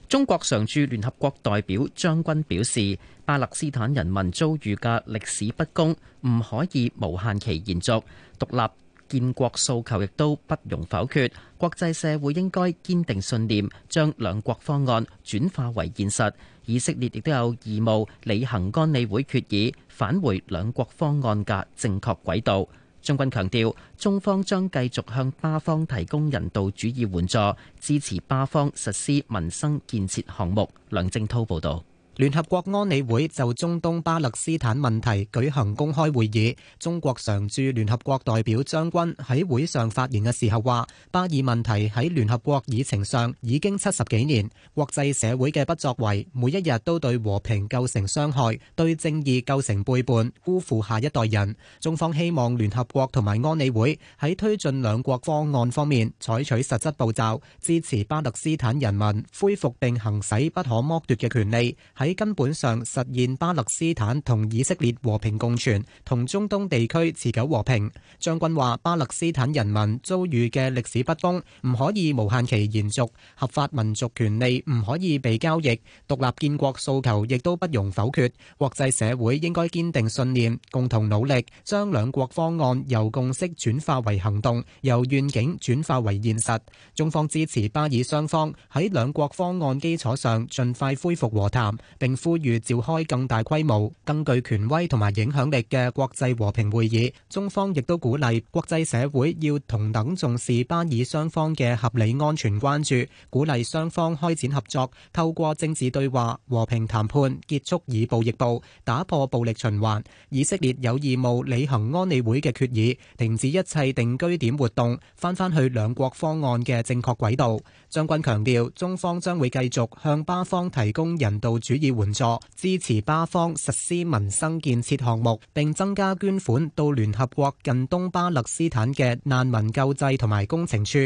中國常駐聯合國代表張軍表示，巴勒斯坦人民遭遇嘅歷史不公唔可以無限期延續，獨立建國訴求亦都不容否決，國際社會應該堅定信念，將兩國方案轉化為現實。以色列亦都有義務履行安理會決議，返回兩國方案嘅正確軌道。張軍強調，中方將繼續向巴方提供人道主義援助，支持巴方實施民生建設項目。梁正濤報道。聯合國安理會就中東巴勒斯坦問題舉行公開會議，中國常駐聯合國代表張軍喺會上發言嘅時候話：巴以問題喺聯合國議程上已經七十幾年，國際社會嘅不作為，每一日都對和平構成傷害，對正義構成背叛，辜負下一代人。中方希望聯合國同埋安理會喺推進兩國方案方面採取實質步驟，支持巴勒斯坦人民恢復並行使不可剝奪嘅權利。喺喺根本上實現巴勒斯坦同以色列和平共存，同中東地區持久和平。張軍話：巴勒斯坦人民遭遇嘅歷史不公唔可以無限期延續，合法民族權利唔可以被交易，獨立建國訴求亦都不容否決。國際社會應該堅定信念，共同努力，將兩國方案由共識轉化為行動，由願景轉化為現實。中方支持巴以雙方喺兩國方案基礎上，盡快恢復和談。並呼籲召開更大規模、更具權威同埋影響力嘅國際和平會議。中方亦都鼓勵國際社會要同等重視巴以雙方嘅合理安全關注，鼓勵雙方開展合作，透過政治對話、和平談判結束以暴易暴，打破暴力循環。以色列有義務履行安理會嘅決議，停止一切定居點活動，翻返去兩國方案嘅正確軌道。張軍強調，中方將會繼續向巴方提供人道主義援助支持巴方實施民生建設項目，並增加捐款到聯合國近東巴勒斯坦嘅難民救濟同埋工程處。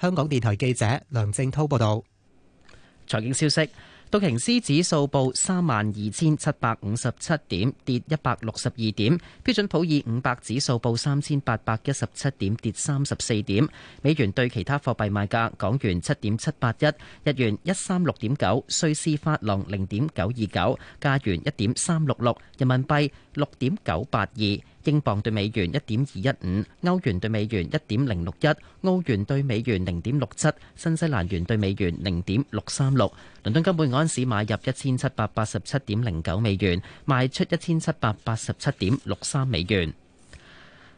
香港電台記者梁正濤報道。財經消息。道瓊斯指數報三萬二千七百五十七點，跌一百六十二點。標準普爾五百指數報三千八百一十七點，跌三十四點。美元對其他貨幣賣價：港元七點七八一，日元一三六點九，瑞士法郎零點九二九，加元一點三六六，人民幣六點九八二。英鎊兌美元一點二一五，歐元兌美元一點零六一，澳元兌美元零點六七，新西蘭元兌美元零點六三六。倫敦金每安士買入一千七百八十七點零九美元，賣出一千七百八十七點六三美元。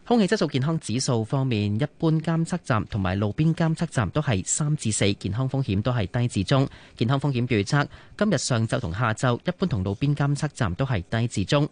空氣質素健康指數方面，一般監測站同埋路邊監測站都係三至四，健康風險都係低至中。健康風險預測今日上晝同下晝，一般同路邊監測站都係低至中。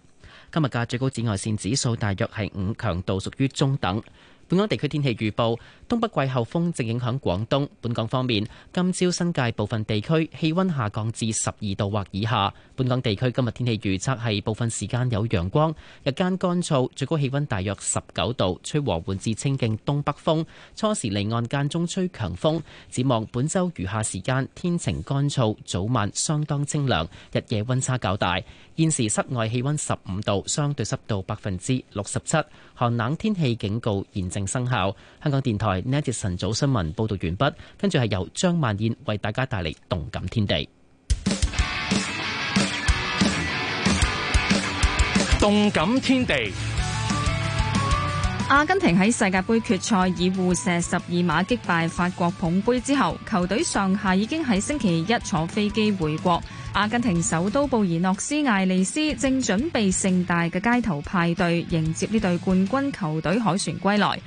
今日嘅最高紫外線指數大約係五，強度屬於中等。本港地區天氣預報，東北季候風正影響廣東。本港方面，今朝新界部分地區氣温下降至十二度或以下。本港地區今日天氣預測係部分時間有陽光，日間乾燥，最高氣温大約十九度，吹和緩至清勁東北風，初時離岸間中吹強風。展望本週餘下時間，天晴乾燥，早晚相當清涼，日夜温差較大。現時室外氣温十五度，相對濕度百分之六十七。寒冷天氣警告現正生效。香港電台呢一節晨早新聞報道完畢，跟住係由張萬燕為大家帶嚟動感天地。動感天地。阿根廷喺世界杯決賽以互射十二碼擊敗法國捧杯之後，球隊上下已經喺星期一坐飛機回國。阿根廷首都布宜諾斯艾利斯正準備盛大嘅街頭派對，迎接呢隊冠軍球隊凱旋歸來。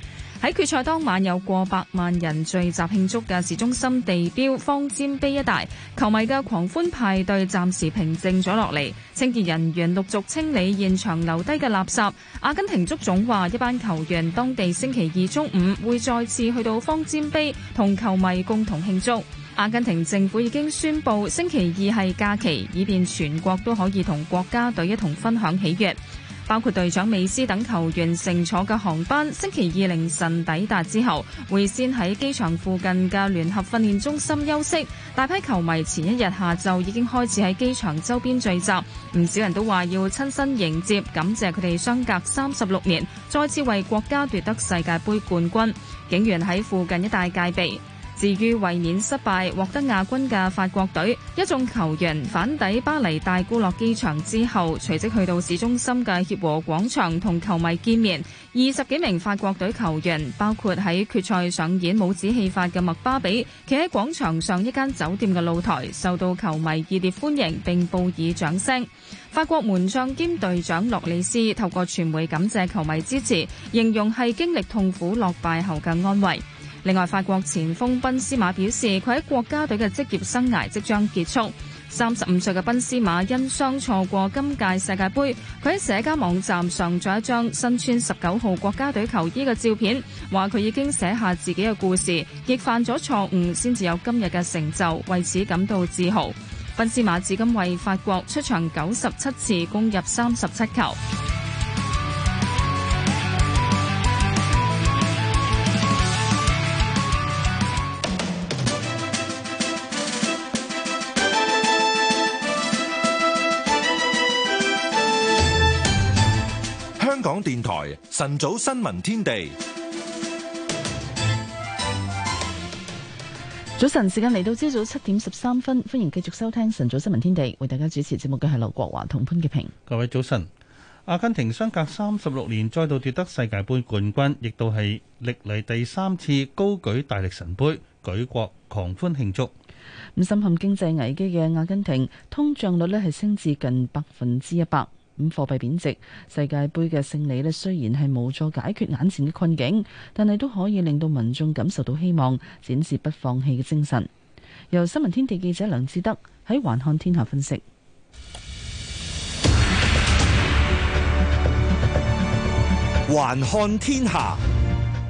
喺決賽當晚有過百萬人聚集慶祝嘅市中心地標方尖碑一帶，球迷嘅狂歡派對暫時平靜咗落嚟，清潔人員陸續清理現場留低嘅垃圾。阿根廷足總話：一班球員當地星期二中午會再次去到方尖碑同球迷共同慶祝。阿根廷政府已經宣布星期二係假期，以便全國都可以同國家隊一同分享喜悅。包括隊長美斯等球員乘坐嘅航班，星期二凌晨抵達之後，會先喺機場附近嘅聯合訓練中心休息。大批球迷前一日下晝已經開始喺機場周邊聚集，唔少人都話要親身迎接，感謝佢哋相隔三十六年再次為國家奪得世界盃冠軍。警員喺附近一帶戒備。至於衛冕失敗獲得亞軍嘅法國隊，一眾球員返抵巴黎戴高樂機場之後，隨即去到市中心嘅協和廣場同球迷見面。二十幾名法國隊球員，包括喺決賽上演帽子戲法嘅麥巴比，企喺廣場上一間酒店嘅露台，受到球迷熱烈歡迎並報以掌聲。法國門將兼隊長洛里斯透過傳媒感謝球迷支持，形容係經歷痛苦落敗後嘅安慰。另外，法國前鋒賓斯馬表示，佢喺國家隊嘅職業生涯即將結束。三十五歲嘅賓斯馬因傷錯過今屆世界盃，佢喺社交網站上咗一張身穿十九號國家隊球衣嘅照片，話佢已經寫下自己嘅故事，亦犯咗錯誤先至有今日嘅成就，為此感到自豪。賓斯馬至今為法國出場九十七次，攻入三十七球。電台晨早新聞天地，早晨時間嚟到朝早七點十三分，歡迎繼續收聽晨早新聞天地，為大家主持節目嘅係劉國華同潘潔平。各位早晨，阿根廷相隔三十六年再度奪得世界盃冠軍，亦都係歷來第三次高舉大力神盃，舉國狂歡慶祝。咁深陷經濟危機嘅阿根廷，通脹率咧係升至近百分之一百。咁貨幣貶值，世界杯嘅勝利呢，雖然係無助解決眼前嘅困境，但係都可以令到民眾感受到希望，展示不放棄嘅精神。由新聞天地記者梁志德喺環看天下分析。環看天下，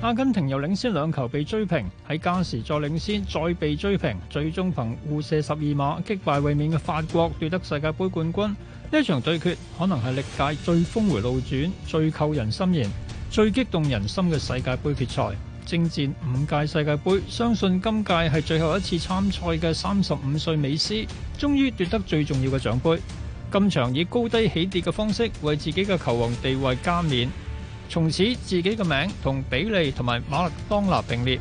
阿根廷由領先兩球被追平，喺加時再領先再被追平，最終憑互射十二碼擊敗衛冕嘅法國，奪得世界杯冠軍。呢一場對決可能係歷屆最峰回路轉、最扣人心弦、最激動人心嘅世界杯決賽，征戰五屆世界杯，相信今屆係最後一次參賽嘅三十五歲美斯，終於奪得最重要嘅獎杯，今場以高低起跌嘅方式爲自己嘅球王地位加冕，從此自己嘅名同比利同埋馬勒當拿並列。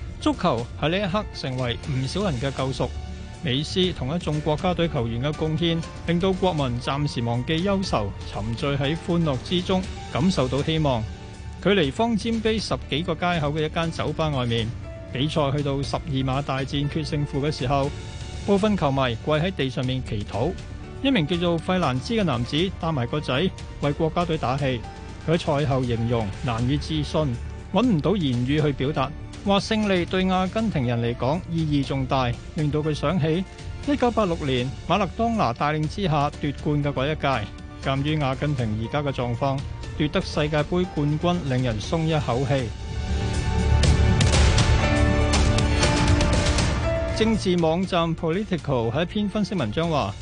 足球喺呢一刻成為唔少人嘅救贖，美斯同一眾國家隊球員嘅貢獻，令到國民暫時忘記憂愁，沉醉喺歡樂之中，感受到希望。距離方尖碑十幾個街口嘅一間酒吧外面，比賽去到十二碼大戰決勝負嘅時候，部分球迷跪喺地上面祈禱。一名叫做費蘭茲嘅男子帶埋個仔為國家隊打氣。佢喺賽後形容難以置信，揾唔到言語去表達。話勝利對阿根廷人嚟講意義重大，令到佢想起一九八六年馬勒當拿帶領之下奪冠嘅嗰一屆。鑒於阿根廷而家嘅狀況，奪得世界杯冠軍令人鬆一口氣。 [music] 政治網站 Political 喺一篇分析文章話，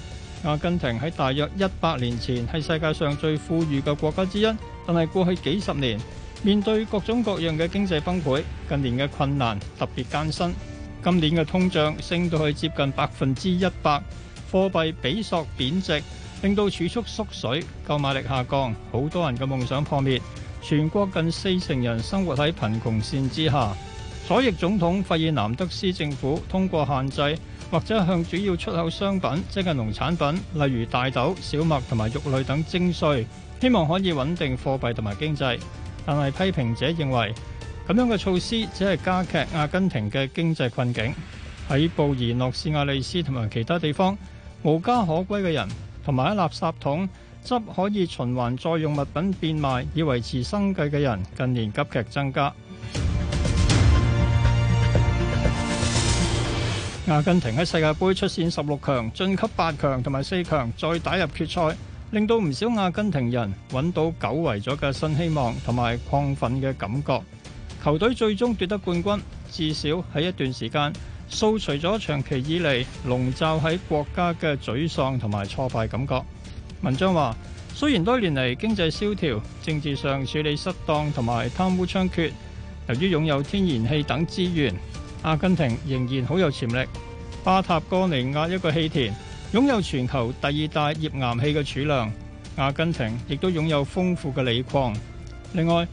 阿根廷喺大約一百年前係世界上最富裕嘅國家之一，但係過去幾十年。面對各種各樣嘅經濟崩潰，近年嘅困難特別艱辛。今年嘅通脹升到去接近百分之一百，貨幣比索貶值，令到儲蓄縮水，購買力下降，好多人嘅夢想破滅。全國近四成人生活喺貧窮綫之下。左翼總統費爾南德斯政府通過限制或者向主要出口商品，即係農產品，例如大豆、小麥同埋肉類等徵稅，希望可以穩定貨幣同埋經濟。但係，批評者認為咁樣嘅措施只係加劇阿根廷嘅經濟困境。喺布宜諾斯亞利斯同埋其他地方，無家可歸嘅人同埋喺垃圾桶執可以循環再用物品變賣以維持生計嘅人，近年急劇增加。阿 [music] 根廷喺世界盃出線十六強、晉級八強同埋四強，再打入決賽。令到唔少阿根廷人揾到久違咗嘅新希望同埋亢奮嘅感覺。球隊最終奪得冠軍，至少喺一段時間掃除咗長期以嚟籠罩喺國家嘅沮喪同埋挫敗感覺。文章話，雖然多年嚟經濟蕭條、政治上處理失當同埋貪污猖獗，由於擁有天然氣等資源，阿根廷仍然好有潛力。巴塔哥尼亞一個氣田。擁有全球第二大頁岩氣嘅儲量，阿根廷亦都擁有豐富嘅鋰礦。另外，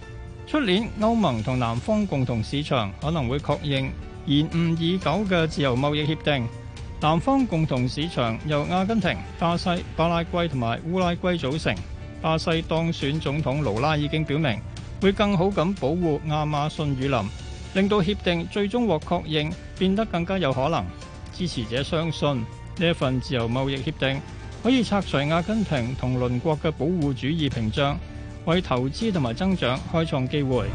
出年歐盟同南方共同市場可能會確認延誤已久嘅自由貿易協定。南方共同市場由阿根廷、巴西、巴拉圭同埋烏拉圭組成。巴西當選總統盧拉已經表明會更好咁保護亞馬遜雨林，令到協定最終獲確認變得更加有可能。支持者相信。呢一份自由貿易協定可以拆除阿根廷同鄰國嘅保護主義屏障，為投資同埋增長開創機會。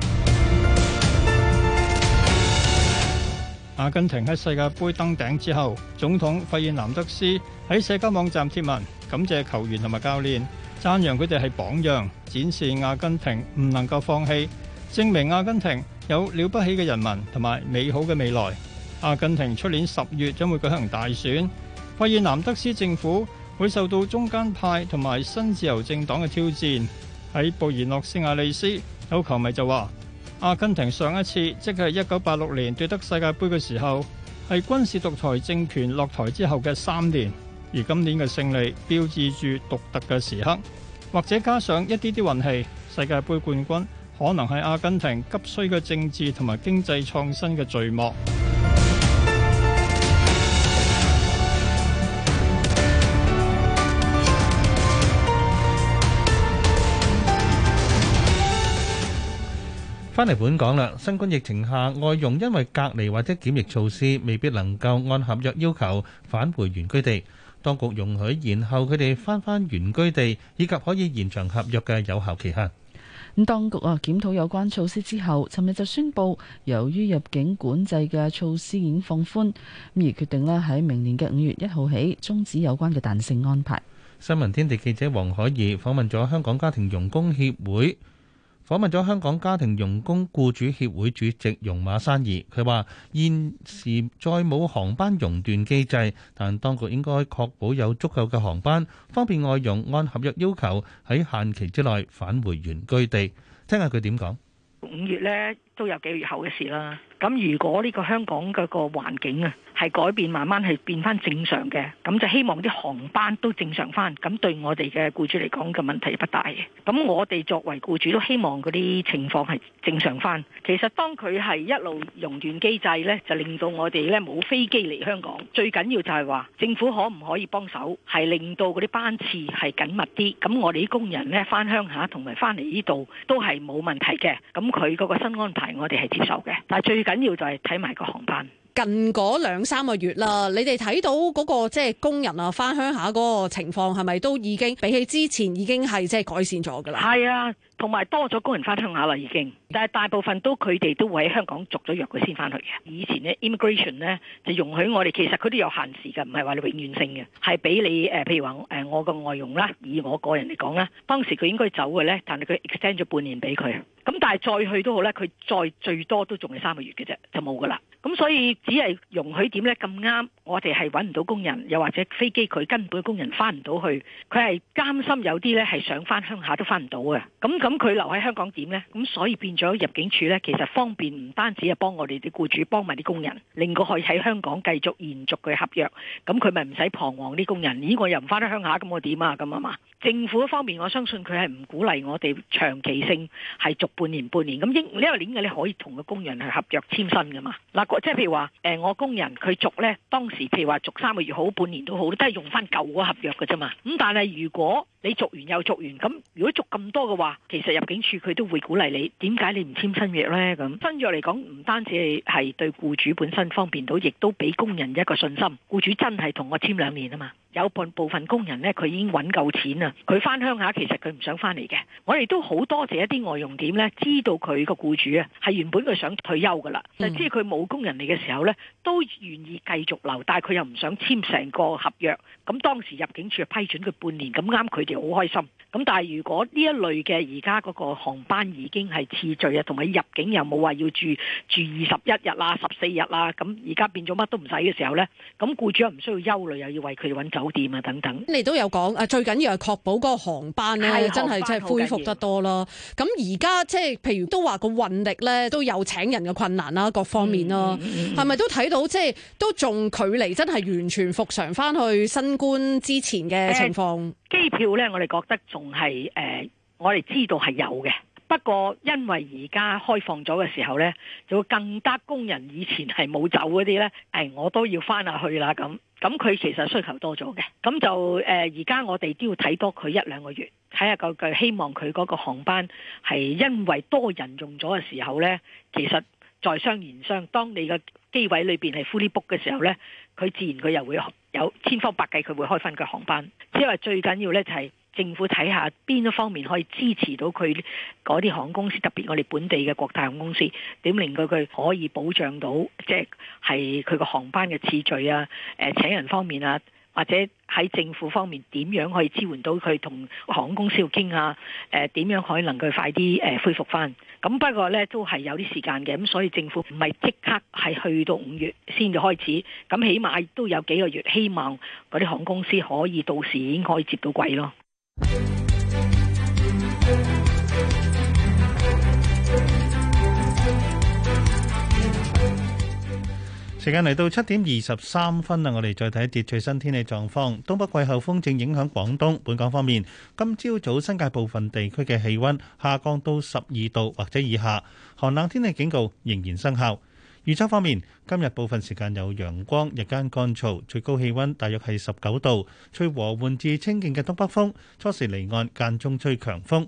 阿根廷喺世界盃登頂之後，總統費爾南德斯喺社交網站貼文感謝球員同埋教練，讚揚佢哋係榜樣，展示阿根廷唔能夠放棄，證明阿根廷有了不起嘅人民同埋美好嘅未來。阿根廷出年十月將會舉行大選。費爾南德斯政府會受到中間派同埋新自由政黨嘅挑戰。喺布宜諾斯艾利斯，有球迷就話：阿根廷上一次即係一九八六年奪得世界盃嘅時候，係軍事獨裁政權落台之後嘅三年。而今年嘅勝利，標誌住獨特嘅時刻，或者加上一啲啲運氣，世界盃冠軍可能係阿根廷急需嘅政治同埋經濟創新嘅序幕。翻嚟本港啦！新冠疫情下，外傭因為隔離或者檢疫措施，未必能夠按合約要求返回原居地。當局容許延後佢哋翻翻原居地，以及可以延長合約嘅有效期限。咁當局啊，檢討有關措施之後，尋日就宣布，由於入境管制嘅措施已經放寬，咁而決定咧喺明年嘅五月一號起終止有關嘅彈性安排。新聞天地記者黃海怡訪問咗香港家庭傭工協會。訪問咗香港家庭傭工雇主協會主席容馬山儀，佢話現時再冇航班熔斷機制，但當局應該確保有足夠嘅航班，方便外傭按合約要求喺限期之內返回原居地。聽下佢點講？五月咧都有幾個月後嘅事啦。咁如果呢個香港嗰個環境啊？係改變，慢慢係變翻正常嘅，咁就希望啲航班都正常翻，咁對我哋嘅僱主嚟講嘅問題不大嘅。咁我哋作為僱主都希望嗰啲情況係正常翻。其實當佢係一路熔斷機制呢，就令到我哋呢冇飛機嚟香港。最緊要就係話政府可唔可以幫手，係令到嗰啲班次係緊密啲。咁我哋啲工人呢翻鄉下同埋翻嚟呢度都係冇問題嘅。咁佢嗰個新安排我哋係接受嘅。但係最緊要就係睇埋個航班。近嗰兩三個月啦，你哋睇到嗰個即係工人啊，返鄉下嗰個情況係咪都已經比起之前已經係即係改善咗噶啦？係啊。同埋多咗工人翻鄉下啦，已經，但係大部分都佢哋都會喺香港續咗約佢先翻去嘅。以前呢 immigration 呢就容許我哋，其實佢都有限時㗎，唔係話你永遠性嘅，係俾你誒、呃，譬如話誒、呃、我個外傭啦，以我個人嚟講啦，當時佢應該走嘅呢，但係佢 extend 咗半年俾佢。咁但係再去都好呢，佢再最多都仲係三個月嘅啫，就冇㗎啦。咁所以只係容許點呢？咁啱，我哋係揾唔到工人，又或者飛機佢根本工人翻唔到去，佢係擔心有啲呢係想翻鄉下都翻唔到嘅。咁咁佢、嗯、留喺香港點呢？咁、嗯、所以變咗入境處呢，其實方便唔單止係幫我哋啲僱主幫埋啲工人，令佢可以喺香港繼續延續佢合約。咁佢咪唔使彷徨啲工人？咦，我又唔翻得鄉下，咁我點啊？咁啊嘛？政府方面，我相信佢係唔鼓勵我哋長期性係續半年、半年咁應呢個年嘅你，可以同個工人去合約簽新噶嘛？嗱，即係譬如話誒、欸，我工人佢續呢當時譬如話續三個月好，半年都好，都係用翻舊嗰合約噶啫嘛。咁、嗯、但係如果，你續完又續完，咁如果續咁多嘅話，其實入境處佢都會鼓勵你。點解你唔簽新約咧？咁新約嚟講，唔單止係對雇主本身方便到，亦都俾工人一個信心。雇主真係同我簽兩年啊嘛。有半部分工人咧，佢已經揾夠錢啦，佢翻鄉下其實佢唔想翻嚟嘅。我哋都好多謝一啲外傭點咧，知道佢個雇主啊，係原本佢想退休噶啦，嗯、即係佢冇工人嚟嘅時候咧，都願意繼續留，但係佢又唔想簽成個合約。咁當時入境處批准佢半年，咁啱佢哋好開心。咁但係如果呢一類嘅而家嗰個航班已經係次序啊，同埋入境又冇話要住住二十一日啦，十四日啦，咁而家變咗乜都唔使嘅時候咧，咁雇主又唔需要憂慮，又要為佢哋揾酒店啊，等等，你都有講，誒，最緊要係確保嗰個航班咧，的真係真係恢復得多咯。咁而家即係，譬如都話個運力咧，都有請人嘅困難啦，各方面咯，係咪、嗯嗯嗯、都睇到？即係都仲距離真係完全復常翻去新冠之前嘅情況？機、呃、票咧，我哋覺得仲係誒，我哋知道係有嘅。不過，因為而家開放咗嘅時候呢，就會更加工人以前係冇走嗰啲呢。誒、哎，我都要翻下去啦咁。咁佢其實需求多咗嘅，咁就誒，而、呃、家我哋都要睇多佢一兩個月，睇下佢個希望佢嗰個航班係因為多人用咗嘅時候呢。其實在商言商，當你嘅機位裏邊係 full book 嘅時候呢，佢自然佢又會有千方百計佢會開翻個航班。只係最緊要呢，就係。政府睇下邊一方面可以支持到佢嗰啲航空公司，特別我哋本地嘅國泰航空公司，點令到佢可以保障到，即係佢個航班嘅次序啊、誒、呃、請人方面啊，或者喺政府方面點樣可以支援到佢同航空公司傾下，誒、呃、點樣可以能夠快啲誒恢復翻。咁不過呢，都係有啲時間嘅，咁所以政府唔係即刻係去到五月先至開始，咁起碼都有幾個月，希望嗰啲航空公司可以到時已經可以接到軌咯。時間嚟到七點二十三分啦，我哋再睇一節最新天氣狀況。東北季候風正影響廣東。本港方面，今朝早新界部分地區嘅氣温下降到十二度或者以下，寒冷天氣警告仍然生效。預測方面，今日部分時間有陽光，日間乾燥，最高氣溫大約係十九度，吹和緩至清勁嘅東北風，初時離岸間中吹強風。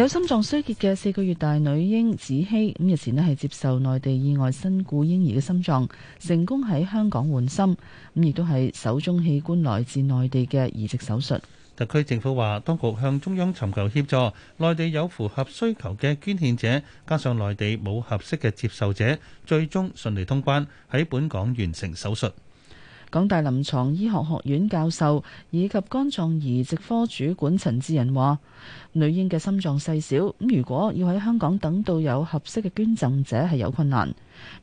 有心臟衰竭嘅四個月大女嬰子希，咁日前咧係接受內地意外身故嬰兒嘅心臟，成功喺香港換心，咁亦都係首宗器官來自內地嘅移植手術。特區政府話，當局向中央尋求協助，內地有符合需求嘅捐獻者，加上內地冇合適嘅接受者，最終順利通關喺本港完成手術。港大臨牀醫學學院教授以及肝臟移植科主管陳志仁話，女嬰嘅心臟細小，咁如果要喺香港等到有合適嘅捐贈者係有困難。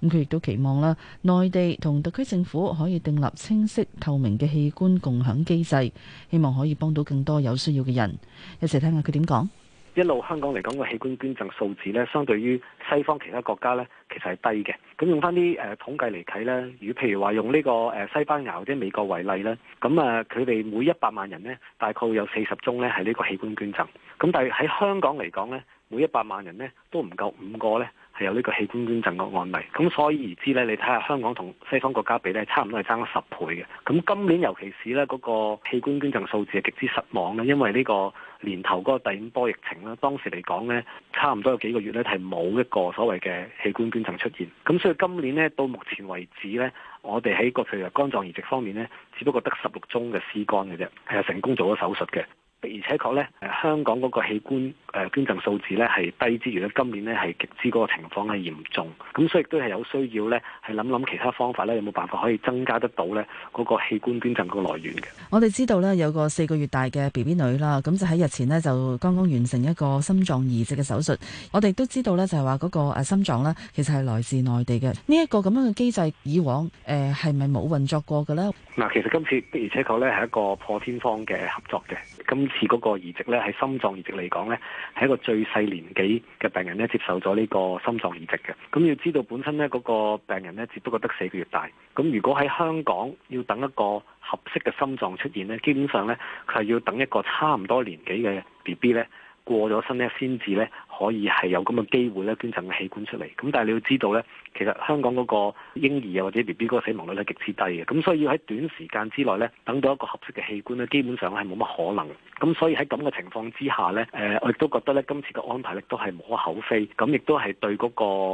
咁佢亦都期望啦，內地同特區政府可以訂立清晰透明嘅器官共享機制，希望可以幫到更多有需要嘅人。一齊聽下佢點講。一路香港嚟講個器官捐贈數字咧，相對於西方其他國家咧，其實係低嘅。咁、嗯、用翻啲誒統計嚟睇咧，如譬如話用呢個誒西班牙或者美國為例咧，咁啊佢哋每一百萬人咧，大概有四十宗咧係呢個器官捐贈。咁、嗯、但係喺香港嚟講咧，每一百萬人咧都唔夠五個咧，係有呢個器官捐贈嘅案例，咁所以而知呢，你睇下香港同西方國家比呢，差唔多係爭咗十倍嘅。咁今年尤其是呢，嗰個器官捐贈數字係極之失望嘅，因為呢個年頭嗰個第五波疫情咧，當時嚟講呢，差唔多有幾個月呢，係冇一個所謂嘅器官捐贈出現。咁所以今年呢，到目前為止呢，我哋喺個譬如肝臟移植方面呢，只不過得十六宗嘅屍肝嘅啫，係成功做咗手術嘅。而且確咧，誒香港嗰個器官誒捐贈數字咧係低之餘咧，今年呢係極之嗰個情況係嚴重，咁所以亦都係有需要咧，係諗諗其他方法咧，有冇辦法可以增加得到咧嗰個器官捐贈嗰個來源嘅。我哋知道咧有個四個月大嘅 BB 女啦，咁就喺日前呢，就剛剛完成一個心臟移植嘅手術。我哋都知道咧就係話嗰個誒心臟咧其實係來自內地嘅。呢一個咁樣嘅機制以往誒係咪冇運作過嘅咧？嗱，其實今次的而且確咧係一個破天荒嘅合作嘅，咁。次嗰個移植咧，喺心臟移植嚟講咧，係一個最細年紀嘅病人咧，接受咗呢個心臟移植嘅。咁、嗯、要知道本身咧，嗰、嗰個病人咧，只不過得四個月大。咁、嗯、如果喺香港要等一個合適嘅心臟出現咧，基本上咧，佢係要等一個差唔多年紀嘅 B B 咧。過咗身咧，先至咧可以係有咁嘅機會咧捐贈器官出嚟。咁但係你要知道咧，其實香港嗰個嬰兒啊，或者 B B 嗰個死亡率咧，極之低嘅。咁所以要喺短時間之內咧，等到一個合適嘅器官咧，基本上係冇乜可能。咁所以喺咁嘅情況之下咧，誒我亦都覺得咧，今次嘅安排咧，都係無可厚非。咁亦都係對嗰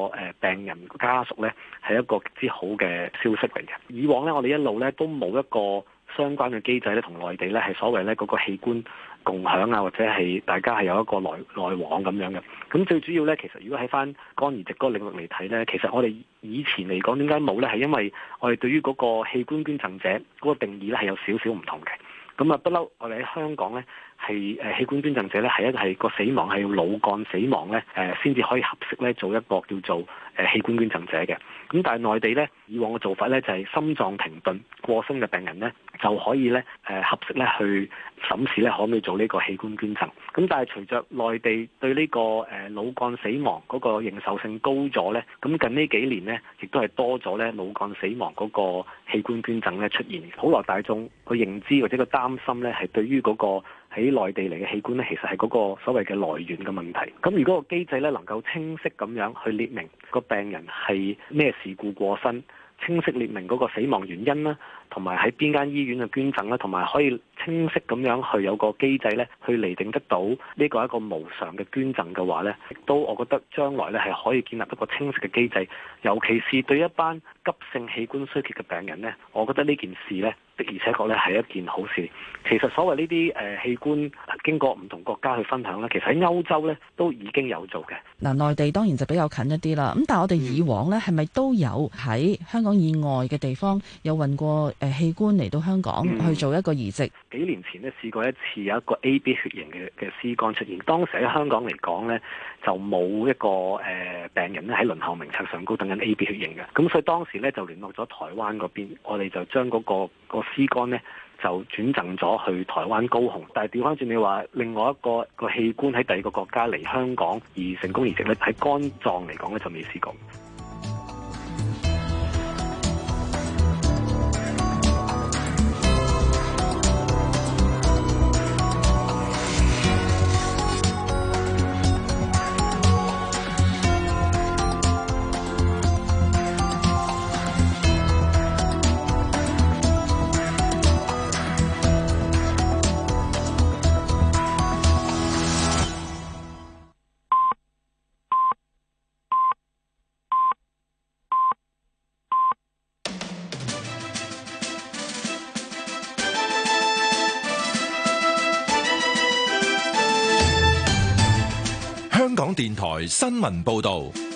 個病人家屬咧係一個極之好嘅消息嚟嘅。以往咧我哋一路咧都冇一個相關嘅機制咧同內地咧係所謂咧嗰個器官。共享啊，或者係大家係有一個內內網咁樣嘅。咁最主要咧，其實如果喺翻肝移植嗰個領域嚟睇咧，其實我哋以前嚟講點解冇咧，係因為我哋對於嗰個器官捐贈者嗰個定義咧，係有少少唔同嘅。咁啊，不嬲我哋喺香港咧。係誒器官捐贈者咧，係一係個死亡係要腦幹死亡咧，誒先至可以合適咧做一個叫做誒器官捐贈者嘅。咁但係內地咧，以往嘅做法咧就係、是、心臟停頓過身嘅病人咧就可以咧誒合適咧去審視咧可唔可以做呢個器官捐贈。咁但係隨着內地對呢個誒腦幹死亡嗰個認受性高咗咧，咁近呢幾年咧亦都係多咗咧腦幹死亡嗰個器官捐贈咧出現。普羅大眾個認知或者個擔心咧係對於嗰、那個。喺內地嚟嘅器官咧，其實係嗰個所謂嘅來源嘅問題。咁如果個機制咧能夠清晰咁樣去列明個病人係咩事故過身，清晰列明嗰個死亡原因啦。同埋喺邊間醫院嘅捐贈啦，同埋可以清晰咁樣去有個機製咧，去釐定得到呢個一個無償嘅捐贈嘅話咧，亦都我覺得將來咧係可以建立一個清晰嘅機制，尤其是對一班急性器官衰竭嘅病人咧，我覺得呢件事咧的而且確咧係一件好事。其實所謂呢啲誒器官經過唔同國家去分享咧，其實喺歐洲咧都已經有做嘅。嗱，內地當然就比較近一啲啦。咁但係我哋以往咧係咪都有喺香港以外嘅地方有運過？誒器官嚟到香港、嗯、去做一個移植。幾年前咧試過一次有一個 A B 血型嘅嘅屍肝出現，當時喺香港嚟講呢就冇一個誒、呃、病人咧喺輪候名冊上高等緊 A B 血型嘅，咁所以當時呢，就聯絡咗台灣嗰邊，我哋就將嗰、嗰個個屍肝呢，就轉贈咗去台灣高雄，但係調翻轉你話另外一個個器官喺第二個國家嚟香港而成功移植咧喺肝臟嚟講咧就未試過。台新聞報導。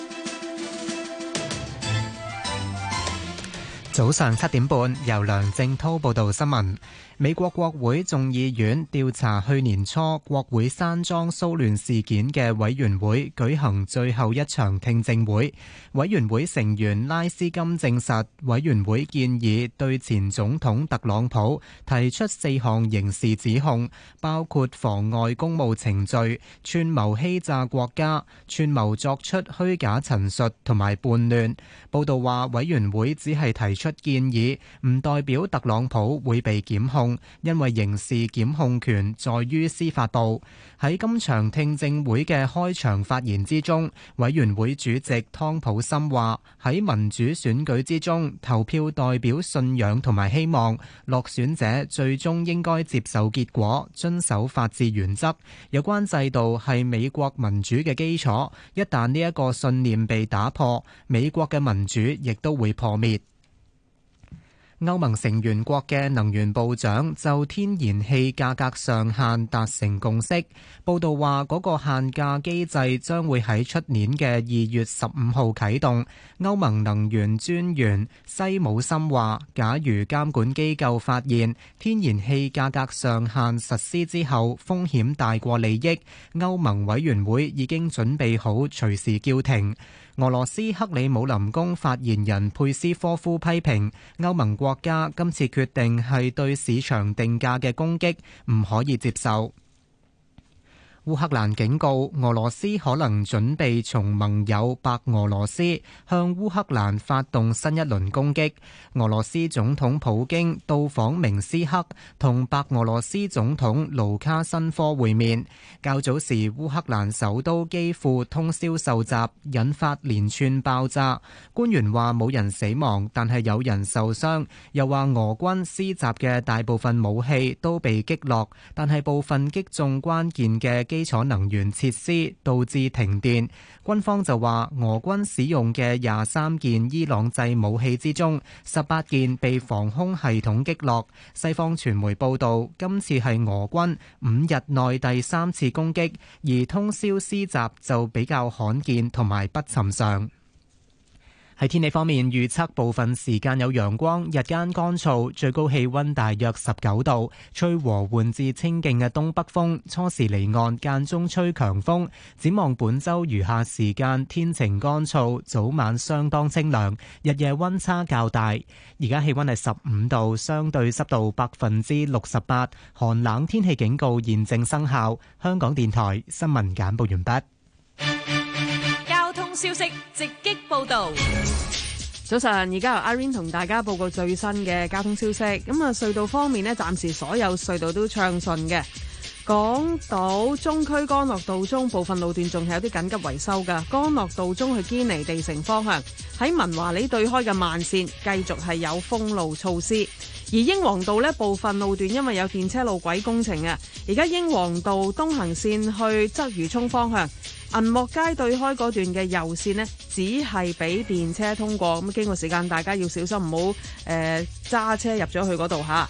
早上七點半，由梁正濤報道新聞。美國國會眾議院調查去年初國會山莊騷亂事件嘅委員會舉行最後一場聽證會。委員會成員拉斯金證實，委員會建議對前總統特朗普提出四項刑事指控，包括妨礙公務程序、串謀欺詐國家、串謀作出虛假陳述同埋叛亂。報道話，委員會只係提出。出建議唔代表特朗普會被檢控，因為刑事檢控權在於司法部。喺今場聽證會嘅開場發言之中，委員會主席湯普森話：喺民主選舉之中，投票代表信仰同埋希望，落選者最終應該接受結果，遵守法治原則。有關制度係美國民主嘅基礎，一旦呢一個信念被打破，美國嘅民主亦都會破滅。歐盟成員國嘅能源部長就天然氣價格上限達成共識。報道話，嗰個限價機制將會喺出年嘅二月十五號啟動。歐盟能源專員西姆森話，假如監管機構發現天然氣價格上限實施之後風險大過利益，歐盟委員會已經準備好隨時叫停。俄羅斯克里姆林宮發言人佩斯科夫批評歐盟國家今次決定係對市場定價嘅攻擊，唔可以接受。烏克蘭警告俄羅斯，可能準備從盟友白俄羅斯向烏克蘭發動新一輪攻擊。俄羅斯總統普京到訪明斯克，同白俄羅斯總統盧卡申科會面。較早時，烏克蘭首都幾乎通宵受襲，引發連串爆炸。官員話冇人死亡，但係有人受傷。又話俄軍施襲嘅大部分武器都被擊落，但係部分擊中關鍵嘅基礎能源設施導致停電。軍方就話，俄軍使用嘅廿三件伊朗製武器之中，十八件被防空系統擊落。西方傳媒報道，今次係俄軍五日內第三次攻擊，而通宵施襲就比較罕見，同埋不尋常。喺天氣方面，預測部分時間有陽光，日間乾燥，最高氣溫大約十九度，吹和緩至清勁嘅東北風，初時離岸，間中吹強風。展望本周餘下時間，天晴乾燥，早晚相當清涼，日夜溫差較大。而家氣溫係十五度，相對濕度百分之六十八，寒冷天氣警告現正生效。香港電台新聞簡報完畢。消息直擊報道，早晨，而家由阿 r i n e 同大家報告最新嘅交通消息。咁啊，隧道方面呢，暫時所有隧道都暢順嘅。港島中區干諾道中部分路段仲係有啲緊急維修嘅。干諾道中去堅尼地城方向，喺文華里對開嘅慢線繼續係有封路措施。而英皇道呢部分路段因為有電車路軌工程啊，而家英皇道東行線去鰂魚涌方向，銀幕街對開嗰段嘅右線呢，只係俾電車通過，咁經過時間大家要小心要，唔好誒揸車入咗去嗰度吓。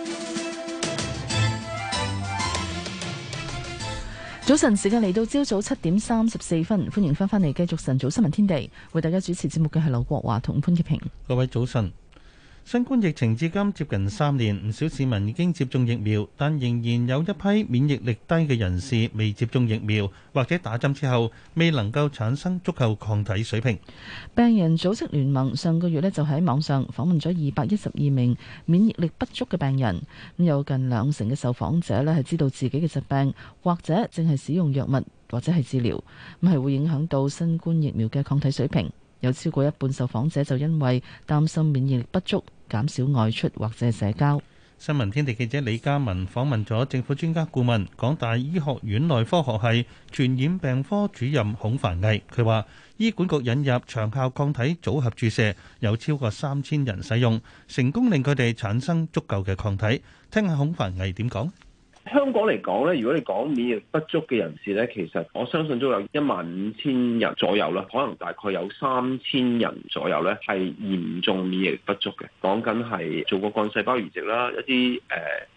早晨，時間嚟到朝早七點三十四分，歡迎翻返嚟繼續晨早新聞天地。為大家主持節目嘅係劉國華同潘潔平。各位早晨。新冠疫情至今接近三年，唔少市民已經接種疫苗，但仍然有一批免疫力低嘅人士未接種疫苗，或者打針之後未能夠產生足夠抗體水平。病人組織聯盟上個月咧就喺網上訪問咗二百一十二名免疫力不足嘅病人，咁有近兩成嘅受訪者咧係知道自己嘅疾病，或者淨係使用藥物或者係治療，咁係會影響到新冠疫苗嘅抗體水平。有超過一半受訪者就因為擔心免疫力不足，減少外出或者社交。新聞天地記者李嘉文訪問咗政府專家顧問、港大醫學院內科學系傳染病科主任孔凡毅，佢話：醫管局引入長效抗體組合注射，有超過三千人使用，成功令佢哋產生足夠嘅抗體。聽下孔凡毅點講。香港嚟講咧，如果你講免疫不足嘅人士咧，其實我相信都有一萬五千人左右啦，可能大概有三千人左右咧，係嚴重免疫不足嘅，講緊係做過幹細胞移植啦，一啲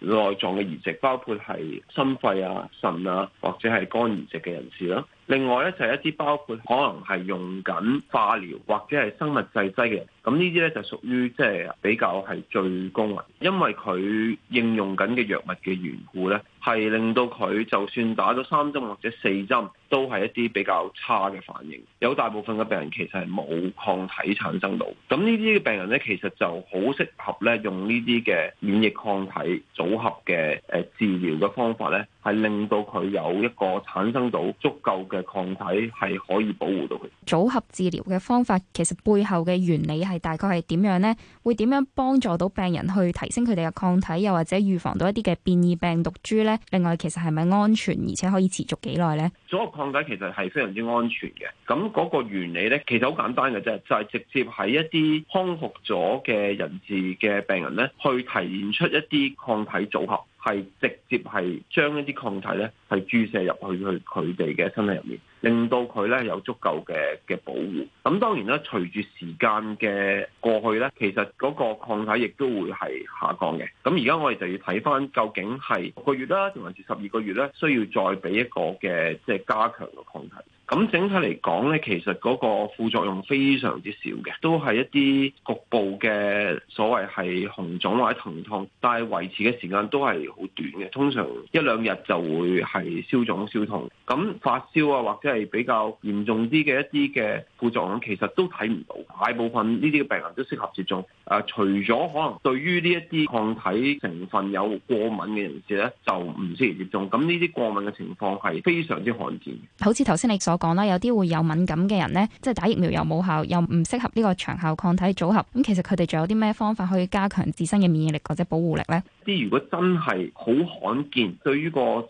誒內臟嘅移植，包括係心肺啊、腎啊，或者係肝移植嘅人士啦。另外咧就係一啲包括可能係用緊化療或者係生物製劑嘅，咁呢啲咧就屬於即係比較係最攻啊，因為佢應用緊嘅藥物嘅緣故咧。係令到佢就算打咗三針或者四針，都係一啲比較差嘅反應。有大部分嘅病人其實係冇抗體產生到。咁呢啲病人咧，其實就好適合咧用呢啲嘅免疫抗體組合嘅誒治療嘅方法咧，係令到佢有一個產生到足夠嘅抗體，係可以保護到佢。組合治療嘅方法其實背後嘅原理係大概係點樣呢？會點樣幫助到病人去提升佢哋嘅抗體，又或者預防到一啲嘅變異病毒株咧？另外，其實係咪安全，而且可以持續幾耐咧？所有抗體其實係非常之安全嘅。咁、那、嗰個原理咧，其實好簡單嘅啫，就係、是、直接喺一啲康復咗嘅人士嘅病人咧，去提煉出一啲抗體組合，係直接係將一啲抗體咧，係注射入去去佢哋嘅身體入面。令到佢咧有足夠嘅嘅保護，咁當然咧，隨住時間嘅過去咧，其實嗰個抗體亦都會係下降嘅。咁而家我哋就要睇返究竟係六個月啦，定還是十二個月咧，需要再俾一個嘅即係加強嘅抗體。咁整體嚟講咧，其實嗰個副作用非常之少嘅，都係一啲局部嘅所謂係紅腫或者疼痛，但係維持嘅時間都係好短嘅，通常一兩日就會係消腫消痛。咁發燒啊，或者係比較嚴重啲嘅一啲嘅副作用，其實都睇唔到。大部分呢啲嘅病人都適合接種。誒，除咗可能對於呢一啲抗體成分有過敏嘅人士咧，就唔適宜接種。咁呢啲過敏嘅情況係非常之罕見。好似頭先你所講啦，有啲會有敏感嘅人咧，即係打疫苗又冇效，又唔適合呢個長效抗體組合。咁其實佢哋仲有啲咩方法可以加強自身嘅免疫力或者保護力咧？啲如果真係好罕見，對於呢個誒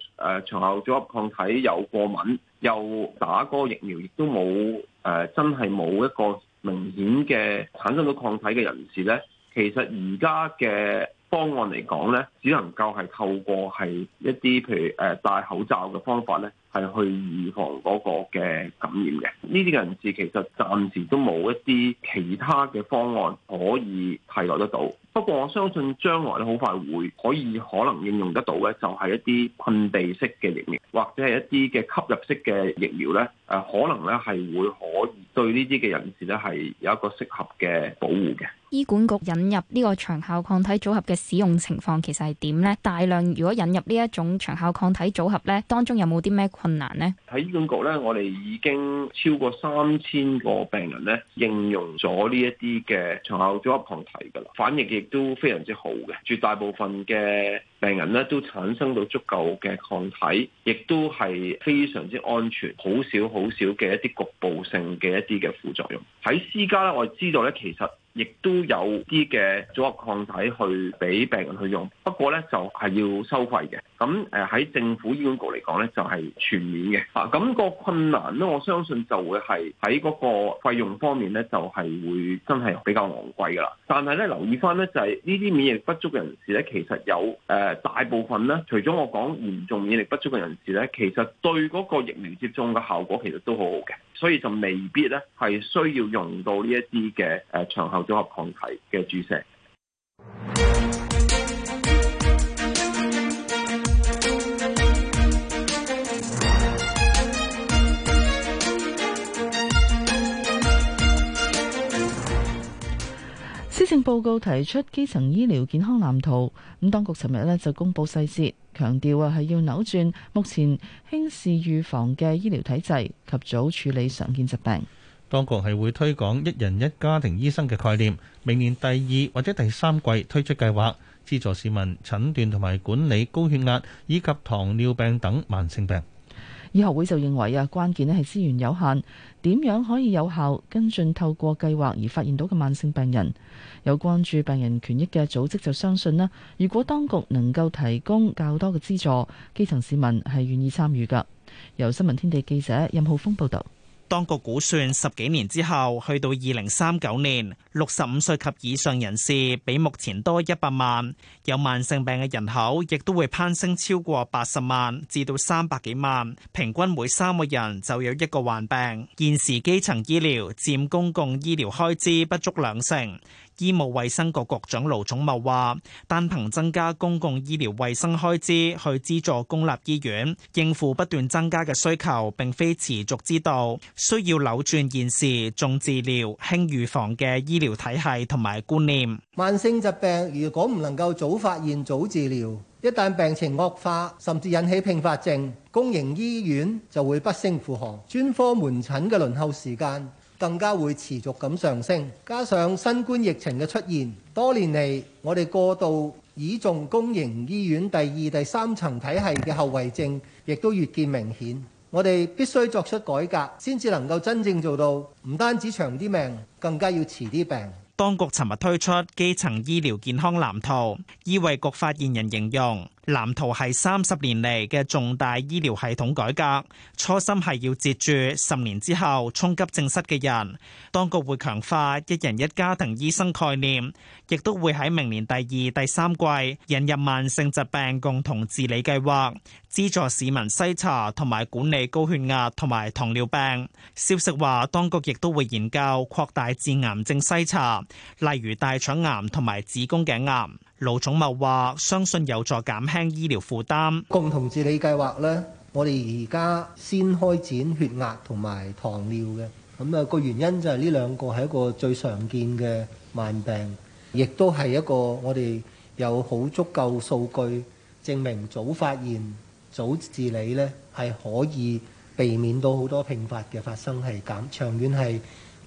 長效組合抗體有過敏，又打過疫苗亦都冇誒、呃，真係冇一個明顯嘅產生到抗體嘅人士咧。其實而家嘅方案嚟講咧，只能夠係透過係一啲譬如誒戴口罩嘅方法咧。係去預防嗰個嘅感染嘅，呢啲人士其實暫時都冇一啲其他嘅方案可以替代得到。不過我相信將來咧，好快會可以可能應用得到嘅，就係一啲噴鼻式嘅疫苗，或者係一啲嘅吸入式嘅疫苗咧，誒可能咧係會可以。對呢啲嘅人士呢，係有一個適合嘅保護嘅。醫管局引入呢個長效抗體組合嘅使用情況其實係點呢？大量如果引入呢一種長效抗體組合呢，當中有冇啲咩困難呢？喺醫管局呢，我哋已經超過三千個病人呢應用咗呢一啲嘅長效組合抗體噶啦，反應亦都非常之好嘅，絕大部分嘅。病人咧，都產生到足夠嘅抗體，亦都係非常之安全，好少好少嘅一啲局部性嘅一啲嘅副作用。喺私家咧，我知道咧，其實。亦都有啲嘅組合抗體去俾病人去用，不過呢，就係要收費嘅。咁誒喺政府醫管局嚟講呢就係全免嘅。啊，咁個困難呢，我相信就會係喺嗰個費用方面呢，就係會真係比較昂貴㗎喇。但係呢，留意返呢，就係呢啲免疫力不足嘅人士呢，其實有誒大部分呢，除咗我講嚴重免疫力不足嘅人士呢，其實對嗰個疫苗接種嘅效果其實都好好嘅，所以就未必呢係需要用到呢一啲嘅誒長效。組合抗體嘅注射。施政報告提出基層醫療健康藍圖，咁當局尋日呢就公布細節，強調啊係要扭轉目前輕視預防嘅醫療體制，及早處理常見疾病。當局係會推廣一人一家庭醫生嘅概念，明年第二或者第三季推出計劃，資助市民診斷同埋管理高血壓以及糖尿病等慢性病。醫學會就認為啊，關鍵咧係資源有限，點樣可以有效跟進透過計劃而發現到嘅慢性病人？有關注病人權益嘅組織就相信咧，如果當局能夠提供較多嘅資助，基層市民係願意參與㗎。由新聞天地記者任浩峰報導。當局估算，十幾年之後去到二零三九年，六十五歲及以上人士比目前多一百萬，有慢性病嘅人口亦都會攀升超過八十萬至到三百幾萬，平均每三個人就有一個患病。現時基層醫療佔公共醫療開支不足兩成。醫務衛生局局長盧寵茂話，單憑增加公共醫療衛生開支去資助公立醫院應付不斷增加嘅需求，並非持續之道，需要扭轉現時重治療輕預防嘅醫療體系同埋觀念。慢性疾病如果唔能夠早發現早治療，一旦病情惡化，甚至引起併發症，公營醫院就會不勝負荷，專科門診嘅輪候時間，更加會持續咁上升，加上新冠疫情嘅出現，多年嚟我哋過度倚重公營醫院第二、第三層體系嘅後遺症，亦都越見明顯。我哋必須作出改革，先至能夠真正做到唔單止長啲命，更加要遲啲病。當局尋日推出基層醫療健康藍圖，醫衞局發言人形容，藍圖係三十年嚟嘅重大醫療系統改革，初心係要截住十年之後衝急症室嘅人。當局會強化一人一家庭醫生概念，亦都會喺明年第二、第三季引入慢性疾病共同治理計劃，資助市民篩查同埋管理高血壓同埋糖尿病。消息話，當局亦都會研究擴大至癌症篩查，例如大腸癌同埋子宮頸癌。盧寵茂話：相信有助減輕醫療負擔。共同治理計劃呢，我哋而家先開展血壓同埋糖尿嘅。咁啊，個原因就係呢兩個係一個最常見嘅慢病，亦都係一個我哋有好足夠數據證明早發現、早治理呢係可以避免到好多併發症嘅發生，係減長遠係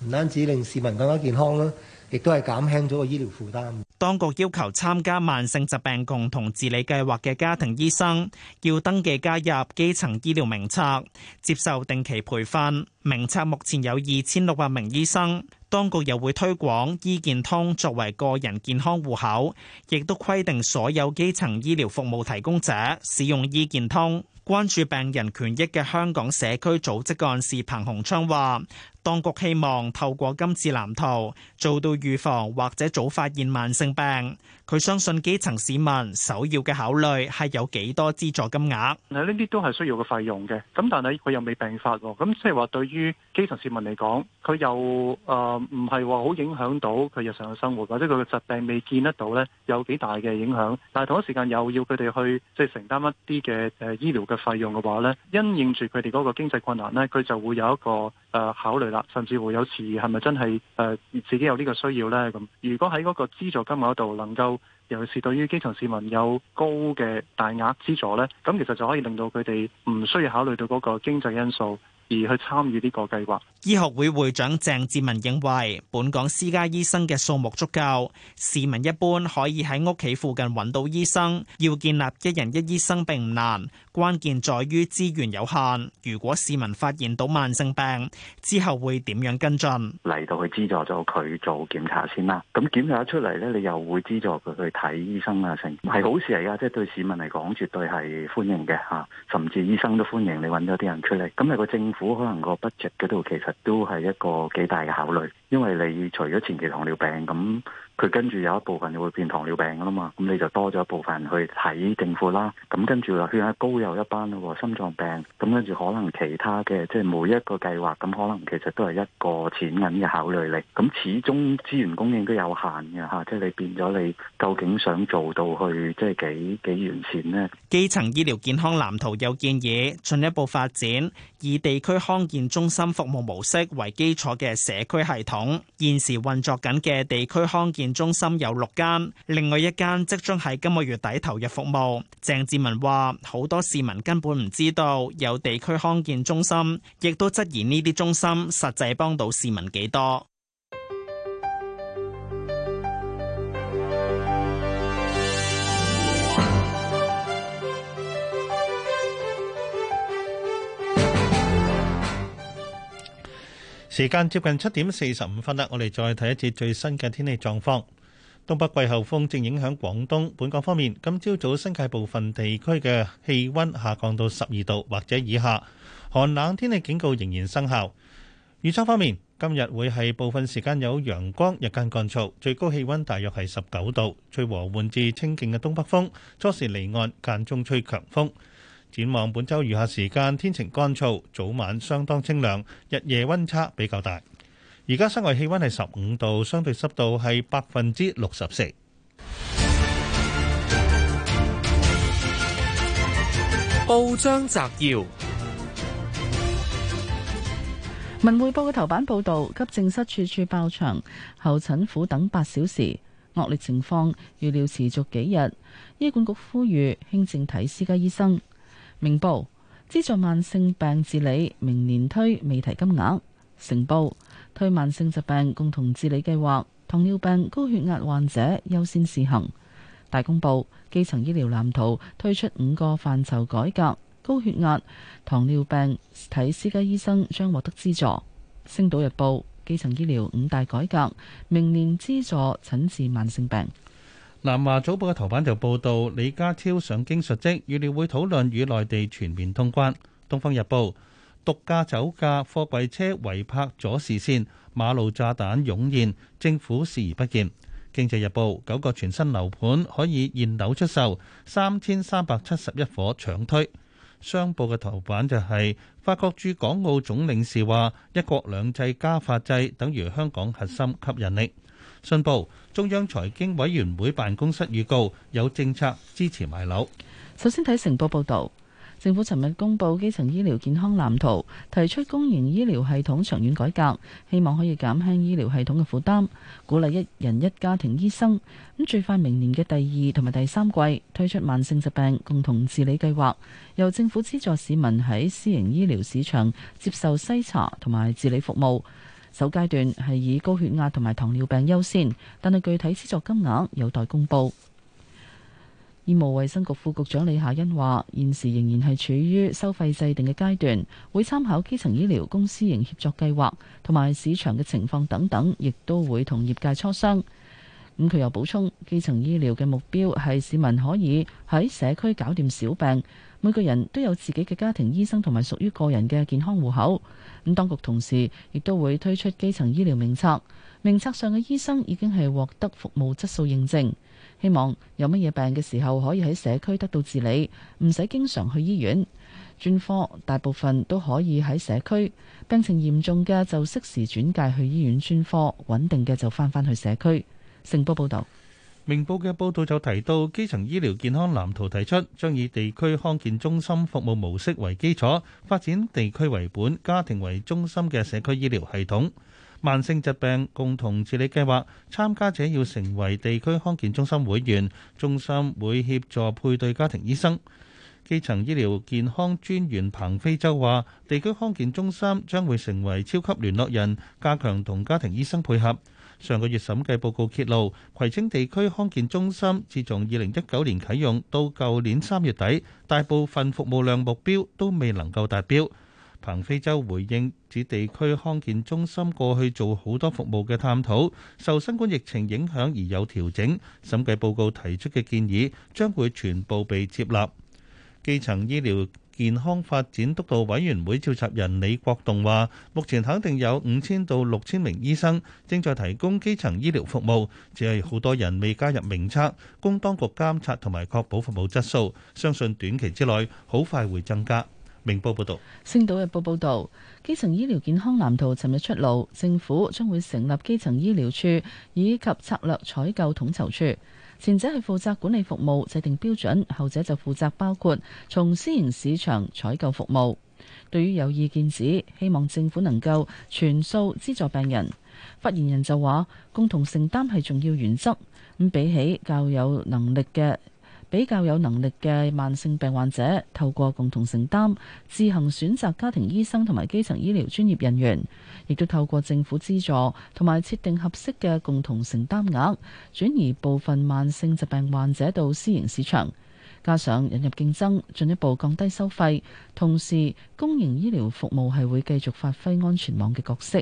唔單止令市民更加健康咯，亦都係減輕咗個醫療負擔。當局要求參加慢性疾病共同治理計劃嘅家庭醫生要登記加入基層醫療名冊，接受定期培訓。名冊目前有二千六百名醫生。當局又會推廣醫健通作為個人健康戶口，亦都規定所有基層醫療服務提供者使用醫健通。關注病人權益嘅香港社區組織幹事彭洪昌話。當局希望透過今次藍圖做到預防或者早發現慢性病。佢相信基層市民首要嘅考慮係有幾多資助金額。嗱，呢啲都係需要嘅費用嘅。咁但係佢又未病發喎。咁即係話對於基層市民嚟講，佢又誒唔係話好影響到佢日常嘅生活，或者佢嘅疾病未見得到咧有幾大嘅影響。但係同一時間又要佢哋去即係、就是、承擔一啲嘅誒醫療嘅費用嘅話咧，因應住佢哋嗰個經濟困難咧，佢就會有一個誒考慮啦。甚至乎有時係咪真係誒、呃、自己有呢個需要呢？咁如果喺嗰個資助金額度能夠，尤其是對於基層市民有高嘅大額資助呢，咁其實就可以令到佢哋唔需要考慮到嗰個經濟因素。而去參與呢個計劃。醫學會會長鄭志文認為，本港私家醫生嘅數目足夠，市民一般可以喺屋企附近揾到醫生。要建立一人一醫生並唔難，關鍵在於資源有限。如果市民發現到慢性病，之後會點樣跟進？嚟到去資助咗佢做檢查先啦。咁檢查出嚟呢，你又會資助佢去睇醫生啊？成係好事嚟噶，即係對市民嚟講絕對係歡迎嘅嚇，甚至醫生都歡迎你揾咗啲人出嚟。咁係個政府可能個 budget 嗰度其實都係一個幾大嘅考慮。因為你除咗前期糖尿病，咁佢跟住有一部分會變糖尿病噶啦嘛，咁你就多咗一部分去睇政府啦，咁跟住又血壓高一班咯，心臟病，咁跟住可能其他嘅，即係每一個計劃，咁可能其實都係一個錢銀嘅考慮力，咁始終資源供應都有限嘅吓，即係你變咗你究竟想做到去即係幾幾完善呢？基層醫療健康藍圖有建議進一步發展以地區康健中心服務模式為基礎嘅社區系統。現時運作緊嘅地區康健中心有六間，另外一間即將喺今個月底投入服務。鄭志文話，好多市民根本唔知道有地區康健中心，亦都質疑呢啲中心實際幫到市民幾多。時間接近七點四十五分啦，我哋再睇一節最新嘅天氣狀況。東北季候風正影響廣東。本港方面，今朝早新界部分地區嘅氣温下降到十二度或者以下，寒冷天氣警告仍然生效。預測方面，今日會係部分時間有陽光，日間乾燥，最高氣温大約係十九度，吹和緩至清勁嘅東北風，初時離岸，間中吹強風。展望本周餘下時間，天晴乾燥，早晚相當清涼，日夜溫差比較大。而家室外氣溫係十五度，相對濕度係百分之六十四。報章摘要：文匯報嘅頭版報道，急症室處處爆場，候診苦等八小時，惡劣情況預料持續幾日。醫管局呼籲輕症睇私家醫生。明報資助慢性病治理，明年推未提金額。成報推慢性疾病共同治理計劃，糖尿病、高血壓患者優先試行。大公報基層醫療藍圖推出五個範疇改革，高血壓、糖尿病睇私家醫生將獲得資助。星島日報基層醫療五大改革，明年資助診治慢性病。南華早報嘅頭版就報道李家超上京述職，預料會討論與內地全面通關。東方日報獨家酒駕、貨櫃車違泊阻視線、馬路炸彈湧現，政府視而不見。經濟日報九個全新樓盤可以現樓出售，三千三百七十一伙搶推。商報嘅頭版就係、是、法國駐港澳總領事話一國兩制加法制等於香港核心吸引力。信報，中央財經委員會辦公室預告有政策支持買樓。首先睇成報報導，政府尋日公布《基層醫療健康藍圖》，提出公營醫療系統長遠改革，希望可以減輕醫療系統嘅負擔，鼓勵一人一家庭醫生。咁最快明年嘅第二同埋第三季推出慢性疾病共同治理計劃，由政府資助市民喺私營醫療市場接受篩查同埋治理服務。首階段係以高血壓同埋糖尿病優先，但係具體資助金額有待公布。醫務衛生局副局長李夏欣話：現時仍然係處於收費制定嘅階段，會參考基層醫療公私營協作計劃同埋市場嘅情況等等，亦都會同業界磋商。咁、嗯、佢又補充，基層醫療嘅目標係市民可以喺社區搞掂小病。每個人都有自己嘅家庭醫生同埋屬於個人嘅健康戶口。咁當局同時亦都會推出基層醫療名冊，名冊上嘅醫生已經係獲得服務質素認證，希望有乜嘢病嘅時候可以喺社區得到治理，唔使經常去醫院。專科大部分都可以喺社區，病情嚴重嘅就適時轉介去醫院專科，穩定嘅就返返去社區。成報報道。明報嘅報道就提到，基層醫療健康藍圖提出，將以地區康健中心服務模式為基礎，發展地區為本、家庭為中心嘅社區醫療系統。慢性疾病共同治理計劃參加者要成為地區康健中心會員，中心會協助配對家庭醫生。基層醫療健康專員彭飛舟話，地區康健中心將會成為超級聯絡人，加強同家庭醫生配合。上個月審計報告揭露，葵青地區康健中心自從二零一九年啟用到舊年三月底，大部分服務量目標都未能夠達標。彭飛舟回應指，地區康健中心過去做好多服務嘅探討，受新冠疫情影響而有調整。審計報告提出嘅建議將會全部被接納。基層醫療健康發展督導委員會召集人李國棟話，目前肯定有五千到六千名醫生正在提供基層醫療服務，只係好多人未加入名冊，供當局監察同埋確保服務質素。相信短期之內好快會增加。明報報道，星島日報報道，基層醫療健康藍圖尋日出爐，政府將會成立基層醫療處以及策略採購統籌處。前者係負責管理服務、制定標準，後者就負責包括從私營市場採購服務。對於有意見指希望政府能夠全數資助病人，發言人就話共同承擔係重要原則。咁比起較有能力嘅。比較有能力嘅慢性病患者，透過共同承擔，自行選擇家庭醫生同埋基層醫療專業人員，亦都透過政府資助同埋設定合適嘅共同承擔額，轉移部分慢性疾病患者到私營市場，加上引入競爭，進一步降低收費。同時，公營醫療服務係會繼續發揮安全網嘅角色。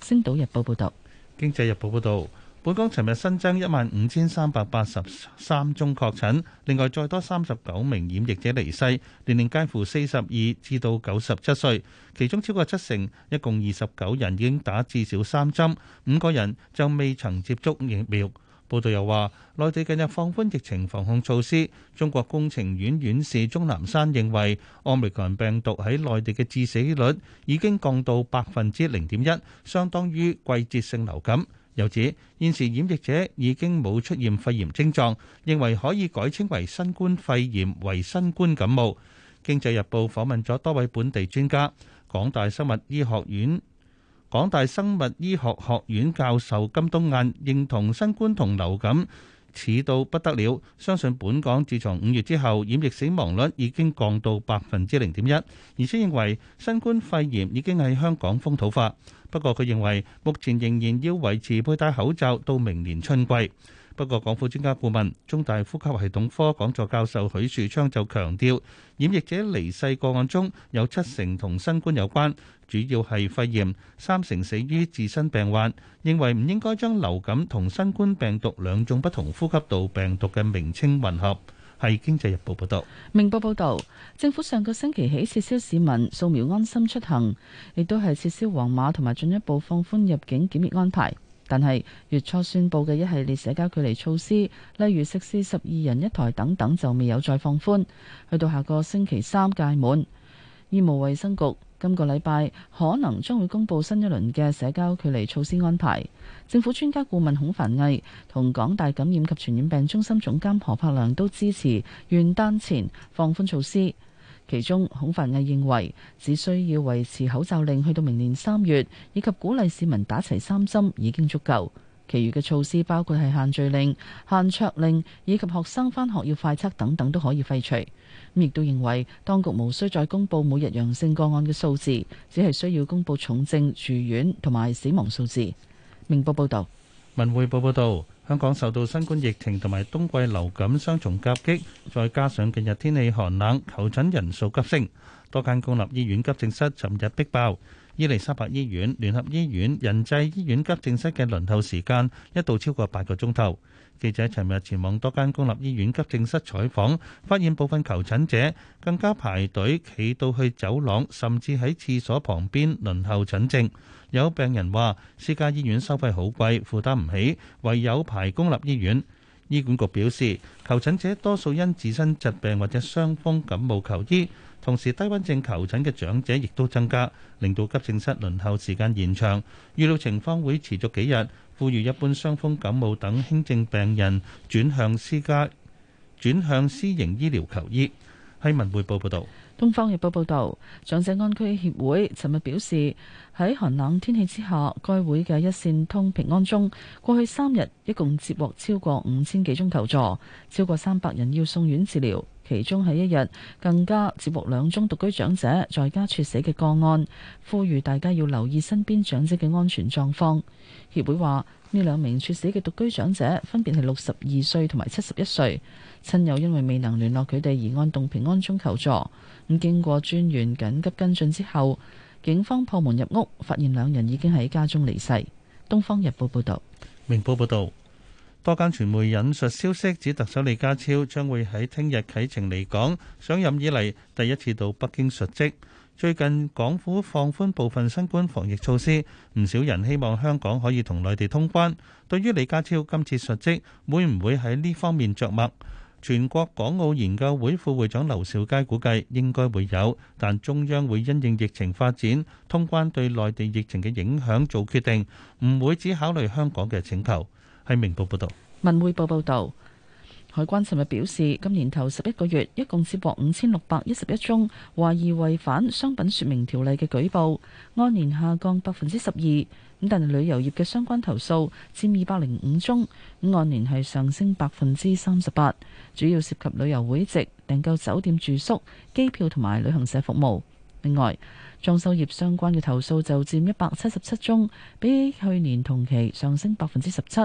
星島日報報道。經濟日報報道。本港尋日新增一萬五千三百八十三宗確診，另外再多三十九名染疫者離世，年齡介乎四十二至到九十七歲，其中超過七成，一共二十九人已經打至少三針，五個人就未曾接觸疫苗。報道又話，內地近日放寬疫情防控措施。中國工程院院院士鐘南山認為，奧密克戎病毒喺內地嘅致死率已經降到百分之零點一，相當於季節性流感。又指現時染疫者已經冇出現肺炎症狀，認為可以改稱為新冠肺炎為新冠感冒。經濟日報訪問咗多位本地專家，港大生物醫學院港大生物醫學學院教授金冬雁認同新冠同流感。似到不得了，相信本港自從五月之後染疫死亡率已經降到百分之零點一，而且認為新冠肺炎已經喺香港風土化。不過，佢認為目前仍然要維持佩戴口罩到明年春季。不過，港府專家顧問、中大呼吸系統科講座教授許樹昌就強調，染疫者離世個案中有七成同新冠有關，主要係肺炎，三成死於自身病患。認為唔應該將流感同新冠病毒兩種不同呼吸道病毒嘅名稱混合。係《經濟日報》報道。明報報道，政府上個星期起撤銷市民掃描安心出行，亦都係撤銷黃碼同埋進一步放寬入境檢疫安排。但係月初宣布嘅一系列社交距離措施，例如食肆十二人一枱等等，就未有再放寬。去到下個星期三屆滿，醫務衛生局今個禮拜可能將會公布新一輪嘅社交距離措施安排。政府專家顧問孔繁毅同港大感染及傳染病中心總監何柏良都支持元旦前放寬措施。其中，孔繁毅認為只需要維持口罩令去到明年三月，以及鼓勵市民打齊三針已經足夠。其餘嘅措施包括係限聚令、限桌令以及學生返學要快測等等都可以廢除。咁亦都認為當局無需再公布每日陽性個案嘅數字，只係需要公布重症住院同埋死亡數字。明報報道，文匯報報道。香港受到新冠疫情同埋冬季流感雙重夾擊，再加上近日天氣寒冷，求診人數急升，多間公立醫院急症室尋日逼爆。伊利沙伯醫院、聯合醫院、仁濟醫院急症室嘅輪候時間一度超過八個鐘頭。記者尋日前往多間公立醫院急症室採訪，發現部分求診者更加排隊企到去走廊，甚至喺廁所旁邊輪候診症。有病人話：私家醫院收費好貴，負擔唔起，唯有排公立醫院。醫管局表示，求診者多數因自身疾病或者傷風感冒求醫，同時低溫症求診嘅長者亦都增加，令到急症室輪候時間延長。預料情況會持續幾日。呼籲一般傷風感冒等輕症病人轉向私家、轉向私營醫療求醫。喺文匯報報道，東方日報報道，長者安居協會尋日表示，喺寒冷天氣之下，該會嘅一線通平安鐘，過去三日一共接獲超過五千幾宗求助，超過三百人要送院治療。其中喺一日更加接獲兩宗獨居長者在家猝死嘅個案，呼籲大家要留意身邊長者嘅安全狀況。協會話，呢兩名猝死嘅獨居長者分別係六十二歲同埋七十一歲，親友因為未能聯絡佢哋而按動平安鐘求助。咁經過專員緊急跟進之後，警方破門入屋，發現兩人已經喺家中離世。《東方日報》報道，《明報》報道。多間傳媒引述消息，指特首李家超將會喺聽日啟程離港，上任以來第一次到北京述職。最近港府放寬部分新冠防疫措施，唔少人希望香港可以同內地通關。對於李家超今次述職，會唔會喺呢方面著墨？全國港澳研究會副會長劉兆佳估計應該會有，但中央會因應疫情發展、通關對內地疫情嘅影響做決定，唔會只考慮香港嘅請求。喺明報報道，文匯報報道，海關尋日表示，今年頭十一個月一共接獲五千六百一十一宗懷疑違，違反商品說明條例嘅舉報，按年下降百分之十二。咁但係旅遊業嘅相關投訴佔二百零五宗，按年係上升百分之三十八，主要涉及旅遊會籍、訂購酒店住宿、機票同埋旅行社服務。另外，裝修業相關嘅投訴就佔一百七十七宗，比去年同期上升百分之十七。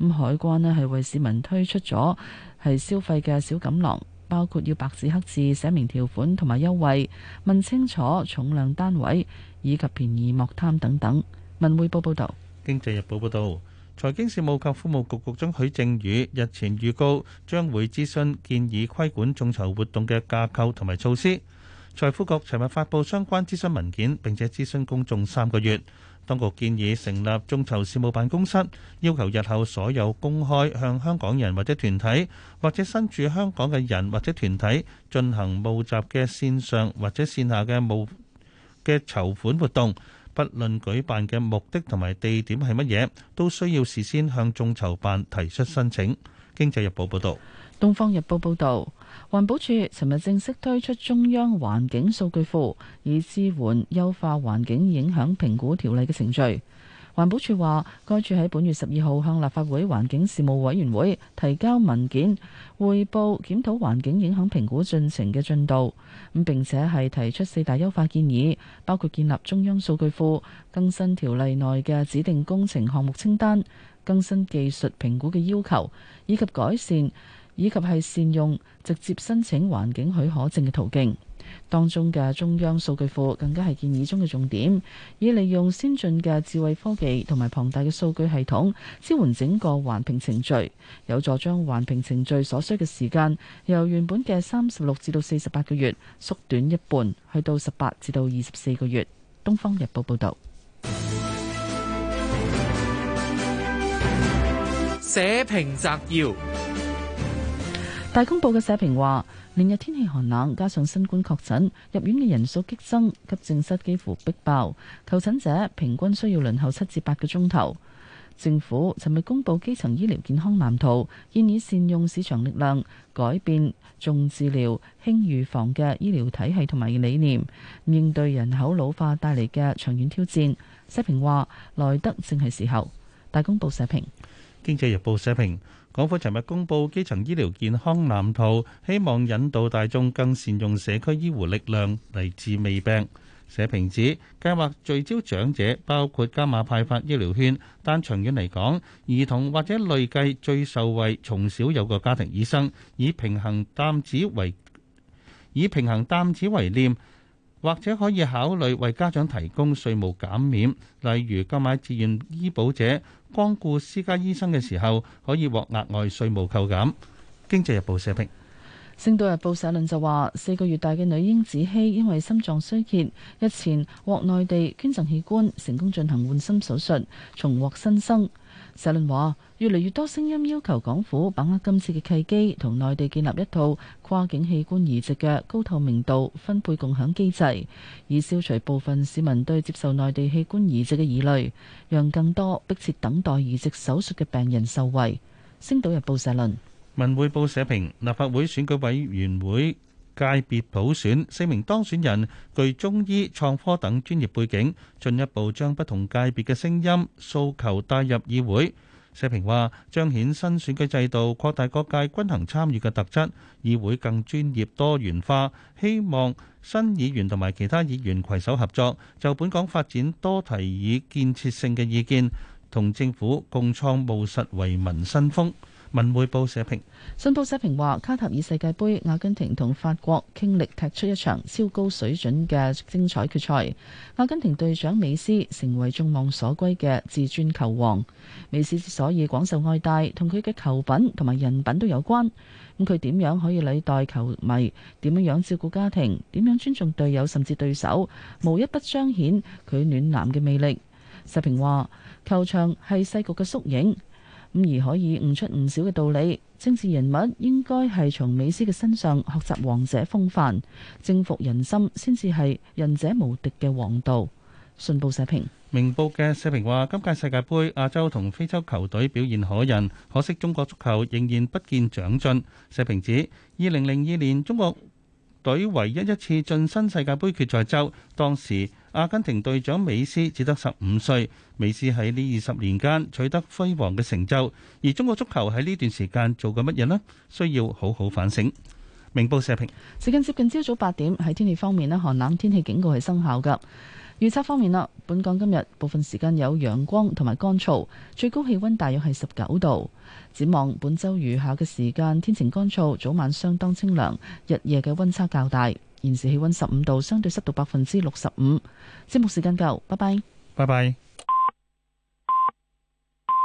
咁海關呢係為市民推出咗係消費嘅小錦囊，包括要白紙黑字寫明條款同埋優惠，問清楚重量單位以及便宜莫貪等等。文匯報報導，《經濟日報》報導，財經事務及庫務局局長許正宇日前預告將會諮詢建議規管眾籌活動嘅架構同埋措施。財庫局尋日發布相關諮詢文件，並且諮詢公眾三個月。當局建議成立眾籌事務辦公室，要求日後所有公開向香港人或者團體，或者身處香港嘅人或者團體進行募集嘅線上或者線下嘅募嘅籌款活動，不論舉辦嘅目的同埋地點係乜嘢，都需要事先向眾籌辦提出申請。經濟日報報道。東方日報報道。環保署尋日正式推出中央環境數據庫，以支援優化環境影響評估條例嘅程序。環保署話，該處喺本月十二號向立法會環境事務委員會提交文件，匯報檢討環境影響評估進程嘅進度，咁並且係提出四大優化建議，包括建立中央數據庫、更新條例內嘅指定工程項目清單、更新技術評估嘅要求以及改善。以及係善用直接申請環境許可證嘅途徑，當中嘅中央數據庫更加係建議中嘅重點，以利用先進嘅智慧科技同埋龐大嘅數據系統支援整個環評程序，有助將環評程序所需嘅時間由原本嘅三十六至到四十八個月縮短一半，去到十八至到二十四個月。《東方日報》報道。社評摘要。大公報嘅社評話：連日天氣寒冷，加上新冠確診入院嘅人數激增，急症室幾乎逼爆，求診者平均需要輪候七至八個鐘頭。政府尋日公佈基層醫療健康藍圖，建議善用市場力量，改變重治療、輕預防嘅醫療體系同埋理念，應對人口老化帶嚟嘅長遠挑戰。社評話：來得正係時候。大公報社評，《經濟日報》社評。港府尋日公布基層醫療健康藍圖，希望引導大眾更善用社區醫護力量嚟治未病。社評指計劃聚焦長者，包括加碼派發醫療券，但長遠嚟講，兒童或者累計最受惠，從小有個家庭醫生，以平衡擔子為以平衡擔子為念。或者可以考慮為家長提供稅務減免，例如購買自願醫保者光顧私家醫生嘅時候，可以獲額外稅務扣減。經濟日報社評。星島日報社論就話：四個月大嘅女嬰子希因為心臟衰竭，日前獲內地捐贈器官，成功進行換心手術，重獲新生。社論話：越嚟越多聲音要求港府把握今次嘅契機，同內地建立一套跨境器官移植嘅高透明度分配共享機制，以消除部分市民對接受內地器官移植嘅疑慮，讓更多迫切等待移植手術嘅病人受惠。《星島日報》社論，《文匯報》社評，立法會選舉委員會。界別普選四名當選人具中醫、創科等專業背景，進一步將不同界別嘅聲音訴求帶入議會。社評話，彰顯新選舉制度擴大各界均衡參與嘅特質，議會更專業多元化。希望新議員同埋其他議員攜手合作，就本港發展多提以建設性嘅意見，同政府共創務實為民新風。文匯報社評，信報社評話：卡塔爾世界杯，阿根廷同法國傾力踢出一場超高水準嘅精彩決賽。阿根廷隊長美斯成為眾望所歸嘅至尊球王。美斯之所以廣受愛戴，同佢嘅球品同埋人品都有關。咁佢點樣可以禮待球迷？點樣樣照顧家庭？點樣尊重隊友甚至對手？無一不彰顯佢暖男嘅魅力。社評話：球場係世局嘅縮影。咁而可以悟出唔少嘅道理，政治人物應該係從美斯嘅身上學習王者風範，征服人心先至係仁者無敵嘅王道。信報社評。明報嘅社評話：今屆世界盃亞洲同非洲球隊表現可人，可惜中國足球仍然不見長進。社評指二零零二年中國隊唯一一次晉身世界盃決賽周，當時阿根廷隊長美斯只得十五歲。美斯喺呢二十年間取得輝煌嘅成就，而中國足球喺呢段時間做緊乜嘢呢？需要好好反省。明報社評。時間接近朝早八點，喺天氣方面咧，寒冷天氣警告係生效噶。預測方面啦，本港今日部分時間有陽光同埋乾燥，最高氣溫大約係十九度。展望本周餘下嘅時間，天晴乾燥，早晚相當清涼，日夜嘅溫差較大。現時氣溫十五度，相對濕度百分之六十五。節目時間夠，拜拜，拜拜。